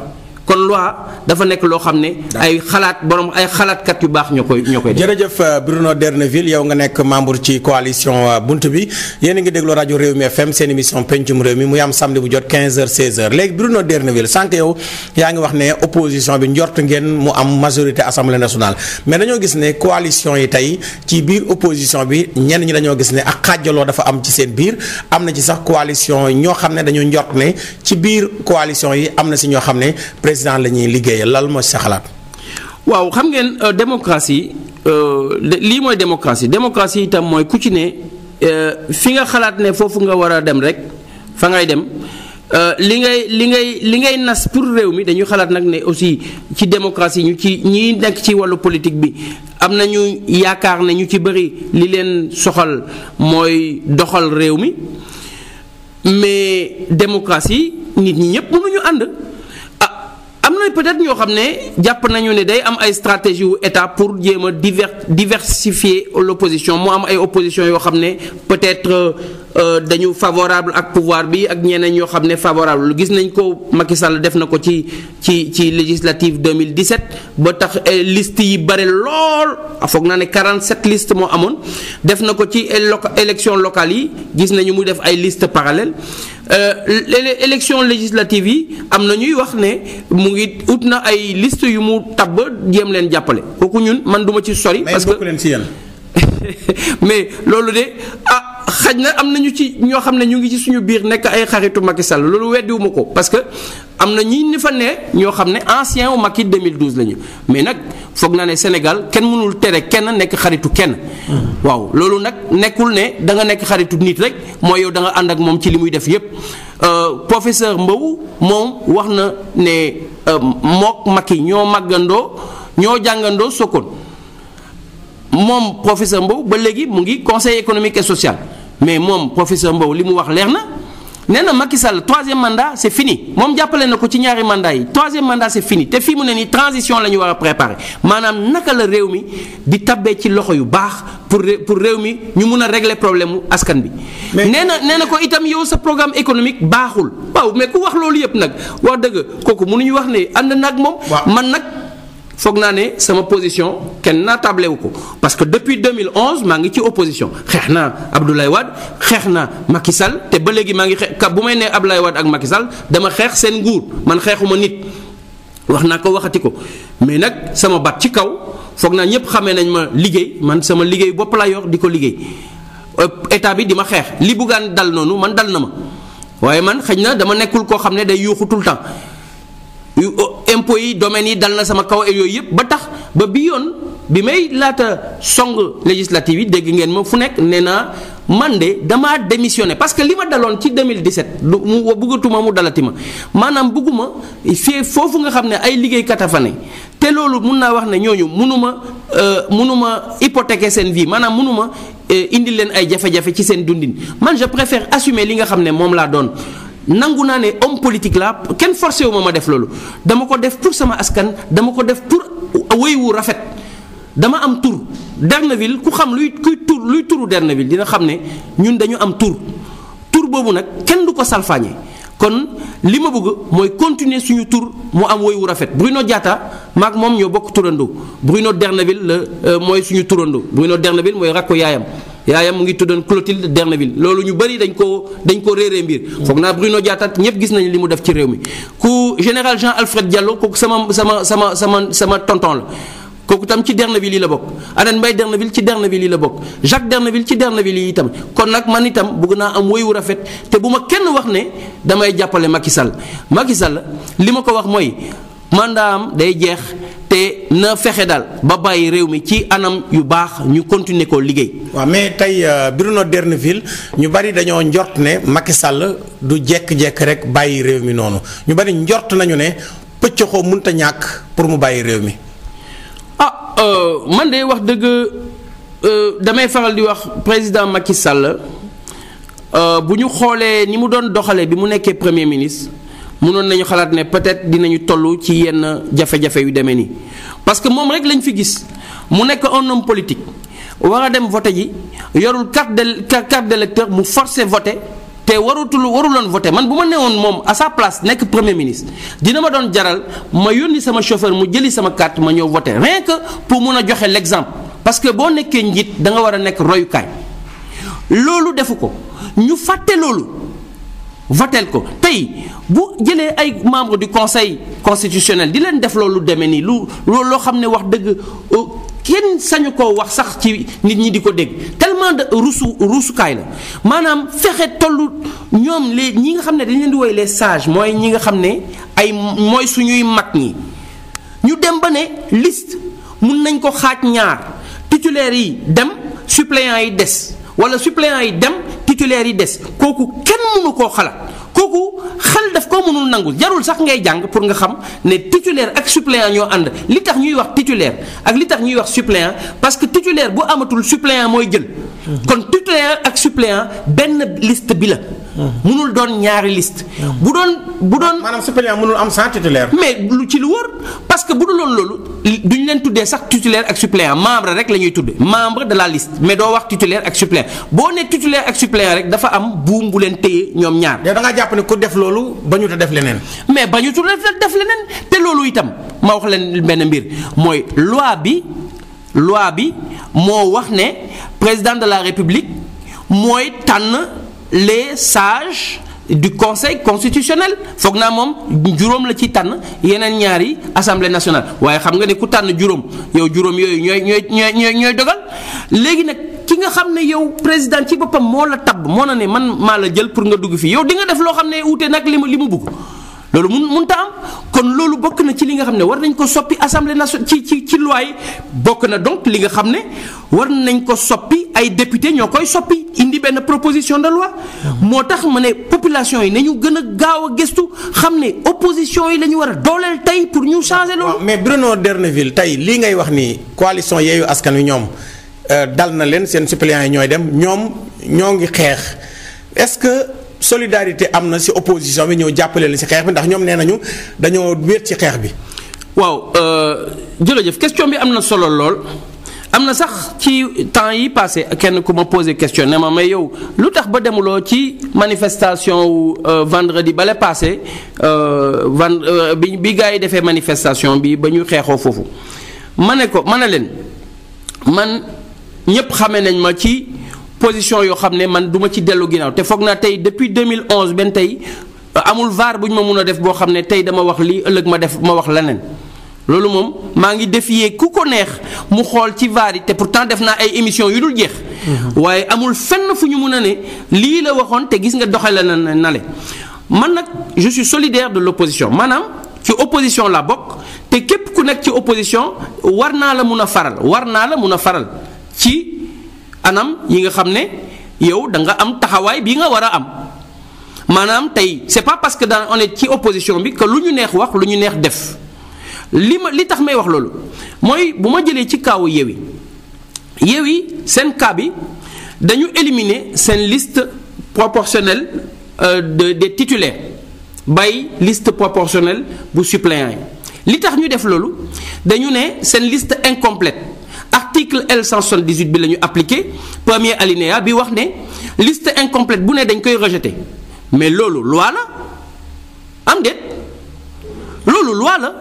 kon loi dafa nekk loo xam ne. ay xalaat borom ay xalaatkat yu baax ñoo koy ñoo koy def. jërëjëf euh, Bruno Derneville yow nga nekk membre ci coalition euh, bunt bi yéen a ngi déglu rajo réew mi FM seen émission pencum réew mi mu am samedi bu jot 15h 16h léegi Bruno Derneville sànq yow yaa ngi wax ne opposition bi njort ngeen mu am majorité assemblée nationale mais dañoo gis ne coalition yi tey ci biir opposition bi ñenn ñi dañoo gis ne ak xaajaloo dafa am ci seen biir am na ci sax coalition ñoo xam ne dañoo njort ne ci biir coalition yi am na si ñoo xam ne président la ñuy liggéeyal lal mooy sa xalaat. waaw xam ngeen euh, démocratie euh, lii mooy démocratie démocratie itam mooy ku ci ne euh, fi nga xalaat ne foofu nga war a dem rek fa ngay dem. li ngay li ngay li ngay nas pour réew mi dañu xalaat nag ne aussi ci démocratie ñu ci ñiy nekk ci wàllu politique bi am nañu yaakaar ne ñu ci bëri li leen soxal mooy doxal réew mi mais démocratie nit ñi ñëpp mënuñu ànd. na peut-être ñoo xam ne jàpp nañu ne day am ay stratégie wu état pour jéem a diver diversifier l'opposition mu am ay opposition yoo xam ne peut-être euh, Euh, dañu favorable ak pouvoir bi ak ñeneen ñoo xam ne favorable lu gis nañ ko Macky Sall def na ko ci ci ci législative 2017 ba tax eh, liste yi bare lool ah, foog naa ne 47 liste moo amoon def na ko ci eh, élection locale yi gis nañu mu def ay liste parallèle euh, élection législative yi am na ñuy wax ne mu ngi ut na ay liste yu mu tabb jéem leen jàppale kooku ñun man duma ci sori parce que mais loolu de ah xaj na am nañu ci ñoo xam ne ñu ngi ci suñu biir nekk ay xaritu Macky Sall loolu weddiwuma ko parce que am na ñi ni fa ne ñoo xam ne ancien wu Macky 2012 lañu mais nag foog naa ne Sénégal kenn mënul tere kenn nekk xaritu kenn. Mm-hmm. waaw loolu nag nekkul ne da nga nekk xaritu nit rek mooy yow da ànd ak moom ci li muy def yépp euh, professeur Mbow moom wax na ne euh, mook Macky ñoo màggandoo ñoo jàngandoo sokoon moom professeur Mbow ba léegi mu ngi conseil économique et social mais moom professeur Mbow li mu wax leer na nee na Macky Sall troisième mandat c' fini moom jàppale na ko ci ñaari mandat yi troisième mandat c' fini te fii mu ne nii transition la ñu war a préparer maanaam naka la réew mi di tabbee ci loxo yu baax pour pour réew mi ñu mun a régler problème mu askan bi. mais nee na nee na ko itam yow sa programme économique baaxul. waaw mais ku wax loolu yëpp nag wax dëgg kooku mënuñu wax ne ànd nag moom. man nag. foog naa ne sama position kenn naa tablé wu ko parce que depuis 2011 maa ngi ci opposition xeex naa Abdoulaye Wade xeex naa Macky Sall te ba léegi maa ngi xeex bu may nee Abdoulaye Wade ak Macky Sall dama xeex seen nguur man xeexu ma nit wax naa ko waxati ko mais nag sama baat ci kaw foog naa ñëpp xamee nañ ma liggéey man sama liggéey bopp laa yor di ko liggéey euh, état bi di ma xeex li buggaan dal noonu man dal na ma waaye man xëy na dama nekkul koo xam ne day yuuxu temps. u oh, impôts yi domaines yi dal na sama kaw et yooyu yëpp ba tax ba bi yoon bi may laata song législative yi dégg ngeen ma fu nekk nee naa man de damaa démissionné parce que li ma daloon ci 2017 du mu bëggatuma mu dalati ma maanaam bëgguma fii foofu nga xam ne ay liggéey a fa te loolu mun naa wax ne ñooñu mënuma euh, munuma hypothéquer seen vie maanaam mënuma euh, indi leen ay jafe-jafe ci seen dundin man je préfère assumer li nga xam ne moom laa doon nangu naa ne homme politique la kenn forcé wu ma ma def loolu dama ko def pour sama askan dama ko def pour wéy wu rafet dama am tur Derneville ku xam luy kuy tur luy turu Derneville dina xam ne ñun dañu am tur tur boobu nag kenn du ko salfaañe kon li ma bëgg mooy continuer suñu tur mu am woy wu rafet Bruno Diatta maag moom ñoo bokk turandoo Bruno Derneville la euh, mooy suñu turandoo Bruno Derneville mooy rakko yaayam yaayam mu ngi tuddoon Clotilde Derneville loolu ñu bëri dañ koo dañ ko réeree mbir foog naa Bruno Diatta ñëpp gis nañ li mu def ci réew mi ku général Jean Alfred Diallo kooku sama sama sama sama sama tonton la kooku tam ci Derneville yi la bokk Adan Mbaye Derneville ci Derneville yi la bokk Jacques Derneville ci Derneville yi itam kon nag man itam bëgg naa am woy wu rafet te bu ma kenn wax ne damay jàppale Macky Sall Macky li ma ko wax mooy mandaam day jeex te na fexe daal ba bàyyi réew mi ci anam yu baax ñu continuer ko liggéey. waaw mais tey euh, na D'erneville ñu bari dañoo njort ne Macky Sall du jekk-jekk rek bàyyi réew mi noonu ñu bari njort nañu ne pëccoxoo munta ñàkk pour mu bàyyi réew mi. ah euh, man de wax dëgg euh, damay faral di wax président Macky Sall bu ñu xoolee ni mu doon doxalee bi mu nekkee premier ministre. mënoon nañu xalaat ne peut-être dinañu toll ci yenn jafe-jafe yu demee nii parce que moom rek lañu fi gis mu nekk on homme politique war a dem voté ji yorul carte de carte d'électeur mu forcé voté te warutul waruloon voté man bu ma newoon moom à sa place nekk premier ministre dina ma doon jaral ma yónni sama chauffeur mu jëli sama carte ma ñëw voté rien que pour mun a joxe l'exemple parce que boo nekkee njiit danga war a nekk royukaay loolu defu ko ñu fàtte loolu. votel ko tey bu jëlee ay membre du conseil constitutionnel di leen def loolu demee nii lu loolu loo xam ne wax dëgg euh, kenn sañu ko wax sax ci nit ñi di ko dégg tellement de rusu rusukaay la maanaam fexe tollu ñoom les ñi nga xam ne dañ leen di woy les sages mooy ñi nga xam ne ay mooy suñuy mag ñi ñu dem ba ne list mun nañ ko xaaj ñaar titulaire yi dem suppléants yi des wala suppléant yi dem titulaire yi des kooku kenn mënu koo xalaat kooku xel daf koo mënul nangu jarul sax ngay jàng pour nga xam ne titulaire ak suppléant ñoo ànd li tax ñuy wax titulaire ak li tax ñuy wax suppléant parce que titulaire bu amatul suppléant mooy jën mm-hmm. kon titulaire ak suppléant benn liste bi la mënul doon ñaari list bu doon bu doon. maanaam suppléant munul am sans titulaire. mais lu ci lu wër parce que bu dul woon loolu duñ leen tuddee sax titulaire ak suppléant membre rek la ñuy tuddee membre de la liste mais doo wax titulaire ak suppléant boo nee titulaire ak suppléant rek dafa am buum leen téye ñoom ñaar. yow da jàpp ne ku def loolu bañut a def leneen. mais bañut a def leneen te loolu itam ma wax leen benn mbir mooy loi bi. loi bi moo wax ne président de la république mooy tànn. les sages du conseil constitutionnel foog naa moom juróom la ci tànn yeneen ñaari assemblée nationale waaye xam nga ne ku tànn juróom yow juróom yooyu ñooy ñooy ñooy ñooy dogal léegi nag ki nga xam ne yow président ci boppam moo la tabb moo na ne man maa la jël pour nga dugg fii yow di nga def loo xam ne wute nag li mu li mu bugg loolu mun mun ta am kon loolu bokk na ci li nga xam ne war nañ ko soppi assemblée nationale ci ci ci loi bokk na donc li nga xam ne war nañ ko soppi ay député ñoo koy soppi indi benn proposition de loi moo tax ma ne population yi nañu gën a gaaw a gëstu xam ne opposition yi la ñu war a dooleel tey pour ñu changer loolu. mais Bruno Derneville tey lii ngay wax ni coalition yeeyu askan wi ñoom euh, dal na leen seen suppléants yi ñooy dem ñoom ñoo ngi xeex est-ce que. solidarité am na ci opposition bi ñëw jàppalee leen ci xeex bi ndax ñoom nee nañu dañoo wéet ci xeex bi. waaw euh, jërëjëf question bi am na solo lool am na sax ci temps yi passé kenn ku ma posé question ne ma may yow lu tax ba demuloo ci manifestation wu euh, vendredi bale passé euh, vend bi bi gars yi defee manifestation bi ba ñu xeexoo foofu ma ne ko ma ne leen man ñëpp xame nañ ma ci. position yoo xam ne man duma ci dellu ginnaaw te foog naa tey depuis 2011 benn tey euh, amul vaar bu ñu ma mun a def boo xam ne tey dama wax lii ëllëg ma def ma wax leneen loolu moom maa ngi def défier ku ko neex mu xool ci vaar yi te pourtant def naa ay émissions yu dul jeex. Mm-hmm. waaye amul fenn fu ñu mun a ne lii la waxoon te gis nga doxale na nale man nag je solidaire de l'opposition maanaam ci opposition laa bokk te képp ku nekk ci opposition war naa la mun a faral war naa la mun a faral ci. anam yi nga xam ne yow da nga am taxawaay bi nga war a am maanaam tey c'est pas parce que daan on est ci opposition bi ko lu ñu neex wax lu ñu neex def li ma li tax may wax loolu mooy bu ma jëlee ci kaawu Yewwi yi seen cas bi dañu éliminer seen liste proportionnelle euh, de des titulaires bay liste proportionnelle bu suppléant yi li tax ñu def loolu dañu ne seen liste incomplète article L178 bi lañu ñu appliqué premier bi wax ne liste incomplète bu ne dañ koy rejeté mais loolu loi la am déet loolu loi la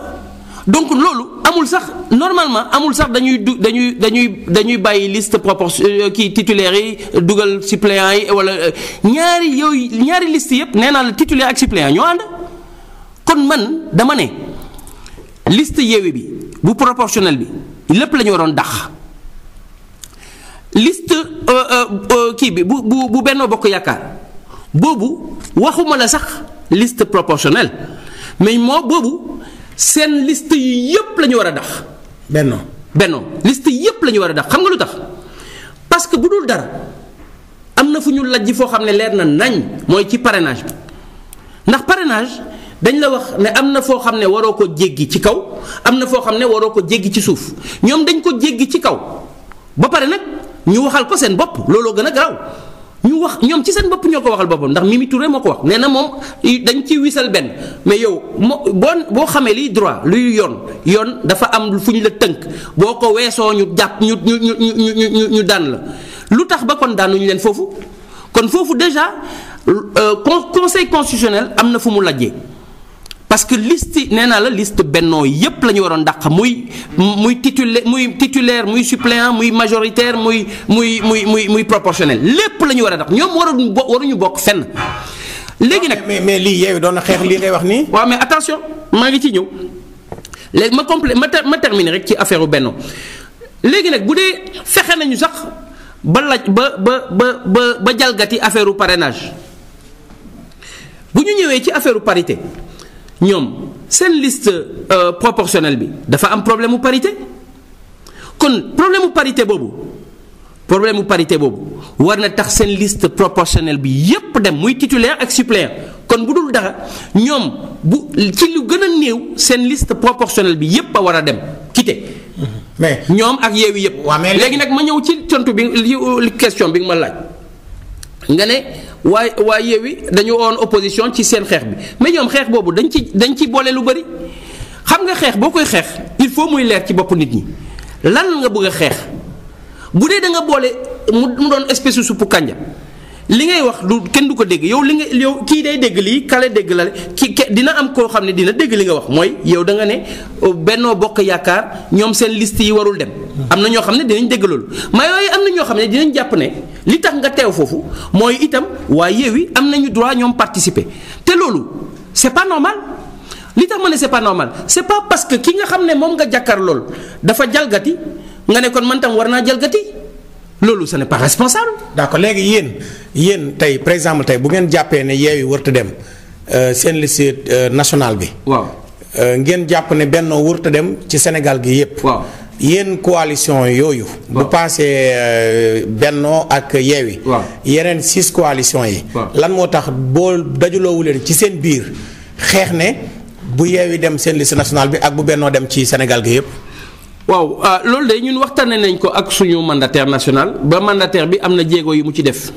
donc loolu amul sax normalement amul sax dañuy du dañuy dañuy dañuy bàyyi liste proportion euh, kii titulaire yi dugal suppléant yi wala euh, ñaari yooyu ñaari liste yëpp nee naa la titulaire ak suppléant ñoo ànd kon man dama ne liste Yewwi bi bu proportionnel bi. lépp la ñu waroon dax liste euh, euh, euh, kii bi bu bu bu Benno Bokk Yaakaar boobu waxuma la sax liste proportionnelle mais moo boobu seen liste yi yëpp lañu war a dax. Benno Benno liste yëpp la ñu war a dax xam nga lu tax parce que bu dul dara am na fu ñu lajj foo xam ne leer na nañ mooy ci parrainage bi ndax parrainage. dañ la wax ne am na foo xam ne waroo ko jéggi ci kaw am na foo xam ne waroo ko jéggi ci suuf ñoom dañ ko jéggi ci kaw ba pare nag ñu waxal ko seen bopp looloo gën a garaaw ñu wax ñoom ci seen bopp ñoo ko waxal boppam ndax Mimi Touré moo ko wax nee na moom dañ ci wisal benn mais yow moo boo boo xamee liy droit luy yoon yoon dafa am fu ñu la tënk boo ko weesoo ñu jàpp ñu ñu ñu ñu ñu daan la lu tax ba kon daanuñu leen foofu kon foofu déjà euh, conseil constitutionnel am na fu mu lajjee. parce que liste nee naa la liste bennoo yépp la ñu waroon dàq muy muy titulaire muy titulaire muy suppléant muy majoritaire muy muy muy muy muy proportionnel lépp la ñu war a dàq ñoom waruñu bo waruñu bokk fenn. léegi nag mais mais lii yow doon na xeex lii ngay wax nii. waaw mais attention maa ngi ci ñëw léegi ma complé ma ter ma rek ci affaire bennoo léegi nag bu dee fexe nañu sax ba laaj ba ba ba ba ba jalgati affaire parrainage bu ñu ñëwee ci affaire parité. ñoom seen liste euh, proportionnelle bi dafa am problème mu parité kon problème mu parité boobu problème mu parité boobu war na tax seen liste proportionnelle bi yépp dem muy titulaire ak suppléant kon bu dul dara ñoom bu ci lu gën a néew seen liste proportionnelle bi yépp a war a dem quitté mm-hmm. mais ñoom ak yeewi yépp léegi nag ma ñëw ci tontu bi question bi nga ma laaj nga ne waaye waaye Yewwi dañu woon opposition ci seen xeex bi mais ñoom xeex boobu dañ ci dañ ci boole lu bëri xam nga xeex boo koy xeex il faut muy leer ci bopp nit ñi lan nga bëgg xeex bu dee da nga boole mu doon espèce suppu kànja li ngay wax lu kenn du ko dégg yow li nga yow kii day dégg lii kale dégg la ki dina am koo xam ne dina dégg li nga wax mooy yow da nga ne oh, Benno Bokk Yaakaar ñoom seen liste yi warul dem. am na ñoo xam ne dinañ dégg loolu. na ñoo xam ne dinañ jàpp ne li tax nga teew foofu mooy itam waa Yewwi am nañu droit ñoom participer te loolu c'est pas normal li tax ma ne c'est pas normal c'est pas parce que ki nga xam ne moom nga jàkkaar lool dafa jalgati nga ne kon man tam war naa jalgati loolu ce n'est pas responsable. d'accord léegi yéen yéen tey par exemple tey bu ngeen jàppee ne Yewwi warut a dem euh, seen liste euh, nationale bi. waaw euh, ngeen jàpp ne Benno warut dem ci Sénégal gi yépp yéen coalition yooyu. bu paasee euh, Benno ak Yewwi. yeneen six coalition yi. lan moo tax bool dajuloowu leen ci seen biir xeex ne bu Yewwi dem seen liste nationale bi ak bu bennoo dem ci Sénégal gi yëpp. waaw euh, loolu de ñun waxtaanee nañ ko ak suñu mandataire national ba mandataire bi am na jéego yu mu ci def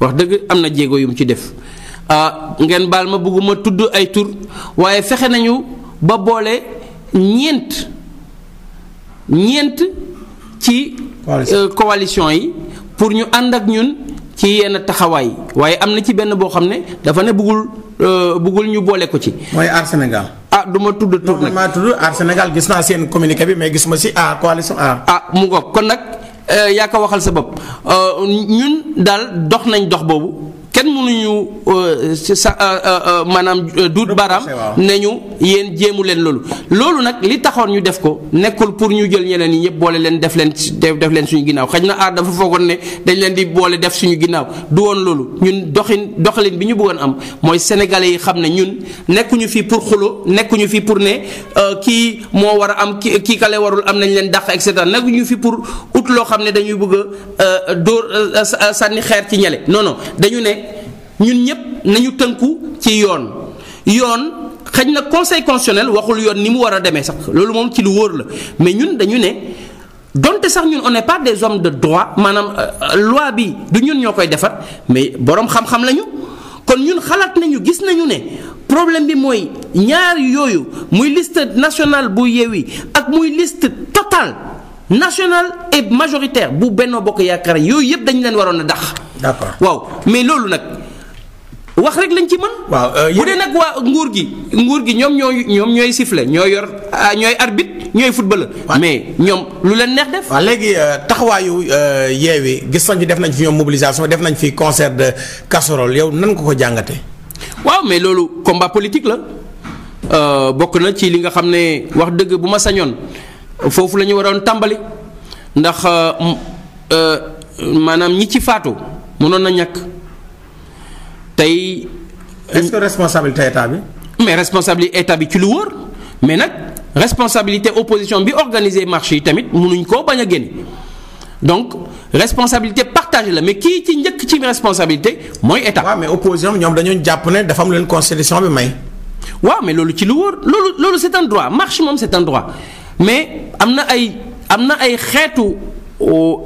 wax dëgg am na jéego yu mu ci def euh, ngeen baal ma bëgguma tudd ay tur waaye fexe nañu ba boole ñeent. ñeent ci. Euh, coalition yi pour ñu ànd ak ñun ci yenn taxawaay waaye am na ci benn boo xam ne dafa ne bëggul euh, bëggul ñu boole ko ci. mooy Aar Sénégal. ah du ma tudd tur nag maa tudd Aar Sénégal gis naa seen communiqué bi mais gis ma si ah coalition Aar. ah mu ngoog kon nag euh, yaa ko waxal sa bopp ñun daal dox nañ dox boobu. kenn mënuñu euh, sa euh, euh, maanaam duut baram ne ñu yéen jéemu leen loolu loolu nag li taxoon ñu def ko nekkul pour ñu jël ñeneen yi ñëpp boole leen def leen def leen suñu ginnaaw xëy na aar dafa foogoon ne dañ leen di boole def suñu ginnaaw du woon loolu ñun doxin doxalin bi ñu bëggoon am mooy sénégalais yi xam ne ñun nekkuñu fii pour xulo nekkuñu fii pour ne kii moo war a am ki kii kale warul am nañ leen dàq et cetera nekkuñu fi pour ut loo xam ne dañuy bëgg a dóor sànni xeer ci ñele ñun ñëpp nañu tënku ci yoon yoon xañ na conseil constitutionnel waxul yoon ni mu war a demee sax loolu moom ci lu wóor la mais ñun dañu ne donte sax ñun on part pas des hommes de droit maanaam euh, loi bi du ñun ñoo koy defar mais boroom xam-xam lañu kon ñun xalaat nañu gis nañu ne problème bi mooy ñaar yooyu muy liste national bu Yewwi ak muy liste totale nationale et majoritaire bu Benno Bokk Yaakaar yooyu yëpp dañu leen waroon a dax. d'accord waaw mais loolu nag. wax rek lañ ci mën. waaw euh, bu dee nag waa nguur gi nguur gi ñoom ñooy ñoom ñooy sifflé ñooy yor ah, ñooy arbitre ñooy footballeur. mais ñoom lu leen neex def. waaw léegi euh, taxawaayu euh, yeewi gis nañu def nañ fi ñoom mobilisation def nañ fi concert de casserole yow nan ko ko jàngatee. waaw mais loolu combat politique la bokk na ci li nga xam ne wax dëgg bu ma sañoon foofu la ñu waroon tàmbali ndax maanaam ñi ci faatu mënoon na ñàkk. tey. est-ce que responsabilité état bi. mais responsabilité état bi ci lu wër mais nag responsabilité opposition bi organiser marché yi tamit mënuñ koo bañ a génn donc responsabilité partagée la mais kii ci njëkk ci responsabilité mooy état. waaw mais opposition ñoom dañoo jàpp ne dafa am leen constitution bi may. waaw mais loolu ci lu wóor loolu loolu c'est un droit marche moom c'est un droit mais am na ay am na ay xeetu. Euh,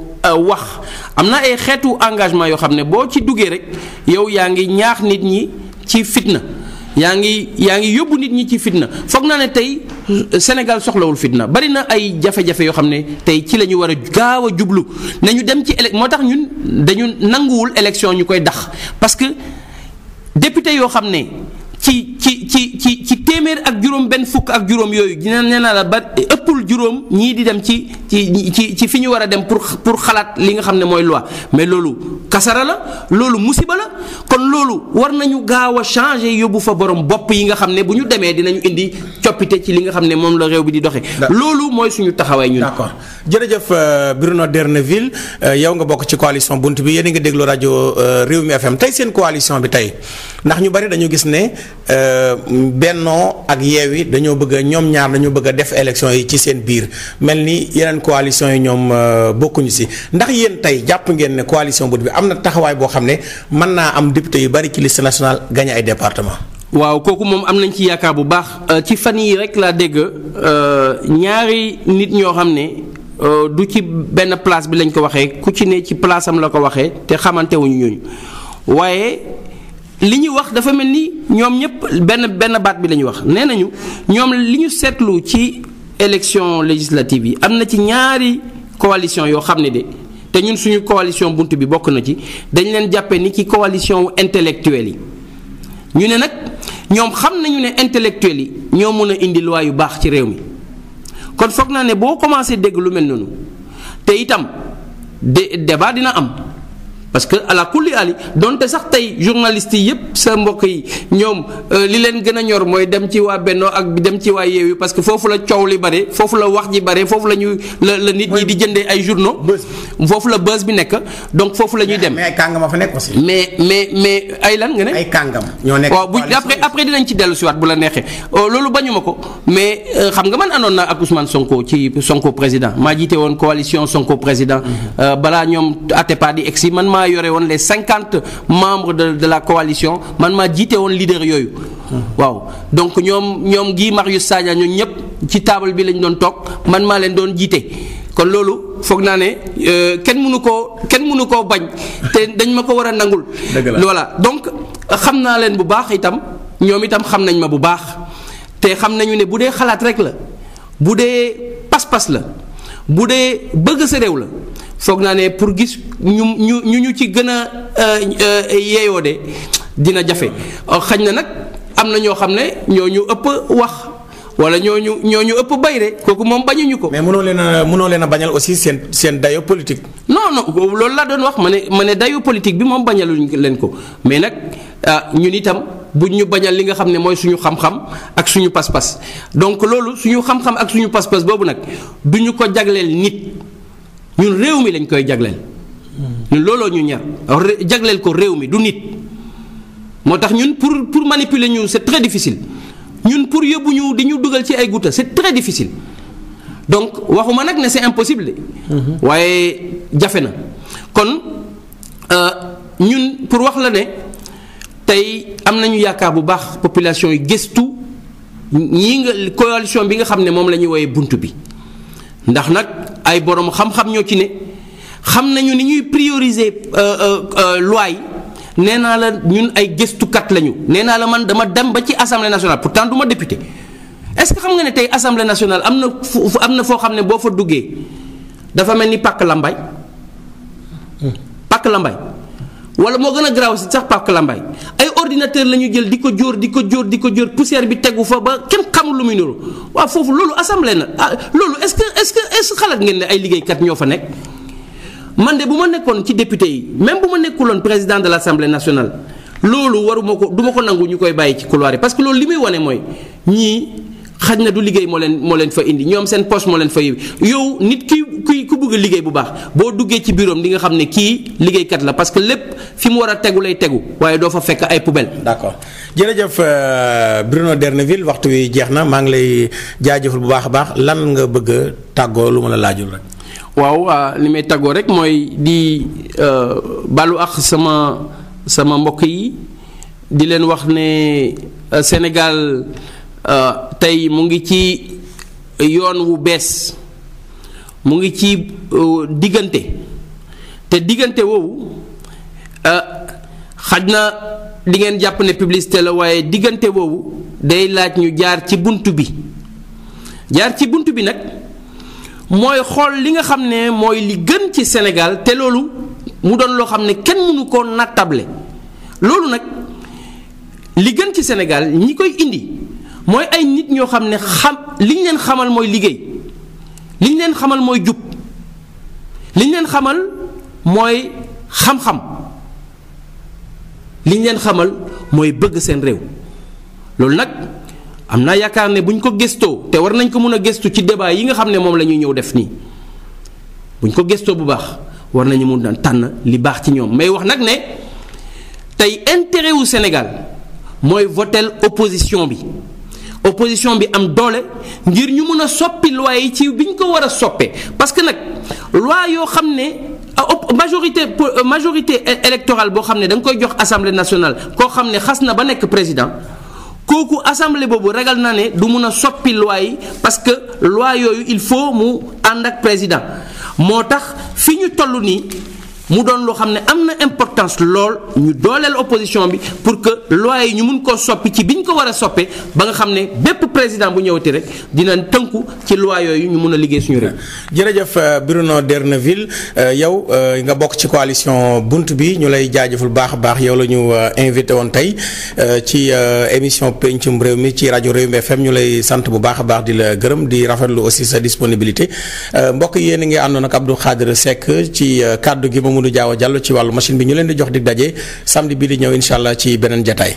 wax am na ay xeetu engagement yoo xam ne boo ci duggee rek yow yaa ngi ñaax nit ñi ci fitna yaa ngi yaa ngi yóbbu nit ñi ci fitna foog naa ne tey euh, Sénégal soxlawul fitna bari na ay jafe-jafe yoo xam ne tey ci la ñu war a gaaw a jublu ne ñu dem ci élec moo tax ñun dañu nanguwul élection ñu koy dax parce que député yoo xam ne ci ci ci ci ci téeméer ak juróom benn fukk ak juróom yooyu dina ne naa la ba ëppul juróom ñii di dem ci ci ci ci fi ñu war a dem pour pour xalaat li nga xam ne mooy loi mais loolu kasara la loolu musiba la kon loolu war nañu gaaw a changer yóbbu fa borom bopp yi nga xam ne bu ñu demee dinañu indi coppite ci li nga xam ne moom la réew bi di doxee. loolu mooy suñu taxawaay ñun. d'accord jërëjëf euh, Bruno Derneville euh, yow nga bokk ci coalition bunt bi yéen a ngi déglu rajo euh, Rewmi FM tey seen coalition bi tey ndax ñu bari dañu gis ne bennoo ak yi dañoo bëgg ñoom ñaar dañoo bëgg a def élection yi ci seen biir mel ni yeneen coalition yi ñoom euh, bokkuñu si ndax yéen tey jàpp ngeen ne coalition bu bi am na taxawaay boo xam ne mën naa am député yu bari ci liste nationale gagné ay département waaw kooku moom am nañ ci yaakaar bu baax euh, ci fan yi rek laa dégg euh, ñaari nit ñoo xam ne du ci benn place bi lañ ko waxee ku ci ne ci place am la ko waxee te xamantewuñu wuñu waaye li ñuy wax dafa mel ni ñoom ñëpp benn benn baat bi la ñu wax nee nañu ñoom li ñu seetlu ci élection législative yi am na ci ñaari coalition yoo xam ne de te ñun suñu coalition bunt bi bokk na ci dañ leen jàppee ni ci coalition wu intellectuel yi ñu ne nag ñoom xam nañu ne intellectuel yi ñoo mën a indi loi yu baax ci réew mi kon foog naa ne boo commencé dégg lu mel noonu te itam de débat dina am. parce que ala kulli ali donte sax tey journaliste yi yëpp sa mbokk yi ñoom euh, li leen gën a ñor mooy dem ci waa Bennoo ak dem ci waa Yewwi parce que foofu la coow li bare foofu la wax ji bare foofu la ñuy nit ñi di jëndee ay journaux. foofu la buzz bi nekk donc foofu la ñuy dem. mais ay kàngam fa nekk aussi. mais mais mais ay lan nga ne. ay kàngam ñoo nekk waaw bu après après dinañ ci dellu si waat bu la neexee euh, loolu bañu ma ko mais euh, xam nga man àndoon naa ak Ousmane Sonko ci Sonko président maa jiite woon coalition Sonko président mhm. balaa maa yore woon les cinquante membre de de la coalition man maa jiite woon leader yooyu. waaw donc ñoom ñoom Guy Marius Sagna ñooñ ñëpp ci taabal bi lañ doon toog man maa leen doon jiite. kon loolu foog naa ne euh, kenn mënu koo kenn mënu koo bañ te dañ ma ko war a nangul. voilà donc xam naa leen bu baax itam ñoom itam xam nañ ma bu baax te xam nañu ne bu dee xalaat rek la bu dee pas-pas la bu dee bëgg sa réew la. foog naa ne pour gis ñu ñu ñu ñu ci gën a euh, euh, yeeyoo de dina jafe euh, xañ na nag am na ñoo xam ne ñoo ñu ëpp wax wala ñoo ñu ëpp bay de kooku moom bañuñu ko. mais mënoo leen a mënoo leen a bañal aussi seen seen dayo politique. non non loolu laa doon wax ma ne ma ne dayo politique bi moom bañaluñ leen ko mais nag ñun itam buñ ñu bañal li nga xam ne mooy suñu xam-xam ak suñu pas-pas donc loolu suñu xam-xam ak suñu pas-pas boobu nag ñu ko jagleel nit. ñun réew mi lañ koy jagleel. ñun looloo ñu ñar jagleel ko réew mi du nit. moo tax ñun pour pour manipuler ñu c'est très difficile ñun pour yóbbu ñu di ñu dugal ci ay guuta c'est très difficile donc waxuma nag ne set impossible. Mm-hmm. waaye jafe na kon euh, ñun pour wax la ne tey am nañu yaakaar bu baax population yi gëstu ñii nga coalition bi nga xam ne moom la ñuy woowee bunt bi ndax nag. ay borom xam-xam ñoo ci ne xam nañu ni ñuy prioriser euh, euh, euh, loi yi nee naa la ñun ay gëstukat lañu nee naa la man dama dem ba ci assemblée nationale pour du ma député est-ce que xam nga ne tey assemblée nationale am na fu am na foo xam ne boo fa duggee dafa mel ni pàkk lambay hmm. pàkk lambay wala moo gën a garaaw si sax pàkk lambay ordinateur la ñu jël di ko jóor di ko jóor di ko jóor poussière bi tegu fa ba kenn xamul lu muy niru waaw foofu loolu assemblée na a ah, loolu est-ce que est-ce que est-ce xalaat ngeen ne ay liggéeykat ñoo fa nekk. man de bu ma nekkoon ci député yi même bu ma nekkuloon président de l'Assemblée national loolu waruma ko duma ko nangu ñu koy bàyyi ci couloir yi parce que loolu li muy wane mooy ñii. xaj na du liggéey moo leen moo leen fa indi ñoom seen poche moo leen fa yow nit ki ki ku bëgg liggéey bu baax boo duggee ci biirom di nga xam ne kii liggéeykat la parce que lépp fi mu war a tegu lay tegu waaye doo fa fekk ay poubelle d'accord jërëjëf euh, Bruno D'erneville waxtu wi jeex na maa ngi lay jaajëfal bu baax a baax lan nga bëgg tàggoo lu ma la laajul rek. waaw euh, li may tàggoo rek mooy di euh, balu ak sama sama mbokk yi di leen wax ne Sénégal. Euh, tey mu ngi ci yoon wu bees mu ngi ci euh, diggante te diggante woowu euh, xaj na di jàpp ne publicité la waaye diggante woowu day laaj ñu jaar ci bunt bi jaar ci bunt bi nag mooy xool li nga xam ne mooy li gën ci senegal te loolu mu doon loo xam ne kenn mënu ko nattable loolu nag li gën ci senegal ñi koy indi mooy ay nit ñoo xam ne xam liñ leen xamal mooy liggéey liñ leen xamal mooy jub liñ leen xamal mooy xam-xam liñ leen xamal mooy bëgg seen réew loolu nag am naa yaakaar ne buñ ko gëstoo te war nañ ko mën a gëstu ci débat yi nga xam ne moom la ñuy ñëw def nii buñ ko gëstoo bu baax war nañu mun a tànn li baax ci ñoom may wax nag ne tey intérêt wu Sénégal mooy votel opposition bi. opposition bi am doole ngir ñu mun a soppi loi yi ci biñ ko war a soppee parce que nag loi yoo xam ne majorité euh, majorité électorale boo xam ne da koy jox assemblée nationale koo xam ne xas na ba nekk président kooku assemblée boobu ragal naa ne du mun a soppi loi yi parce que loi yooyu il faut mu ànd ak président moo tax fi ñu toll nii. mu doon loo xam ne am na importance lool ñu dooleel opposition bi pour que loi yi ñu mun koo soppi ci bi ñu ko war a soppee ba nga xam ne bépp président bu ñëwati rek dinañ tënku ci loi yooyu ñu mun a liggéey suñu réew. jërëjëf euh, Bruno D'erneville euh, yow euh, nga bokk ci coalition bunt bi ñu lay jaajëful baax a baax yow la ñu invité woon tey ci émission pencum réew mi ci rajo Réew mi FM ñu lay sant bu baax a baax di la gërëm di rafetlu aussi sa disponibilité mbokk yéen a ngi àndoon ak Abdou Khadre Seck ci kàddu gi Mamadou Diawa Diallo ci wàllu machine bi ñu leen di jox di daje samedi bii di ñëw incha allah ci beneen jataay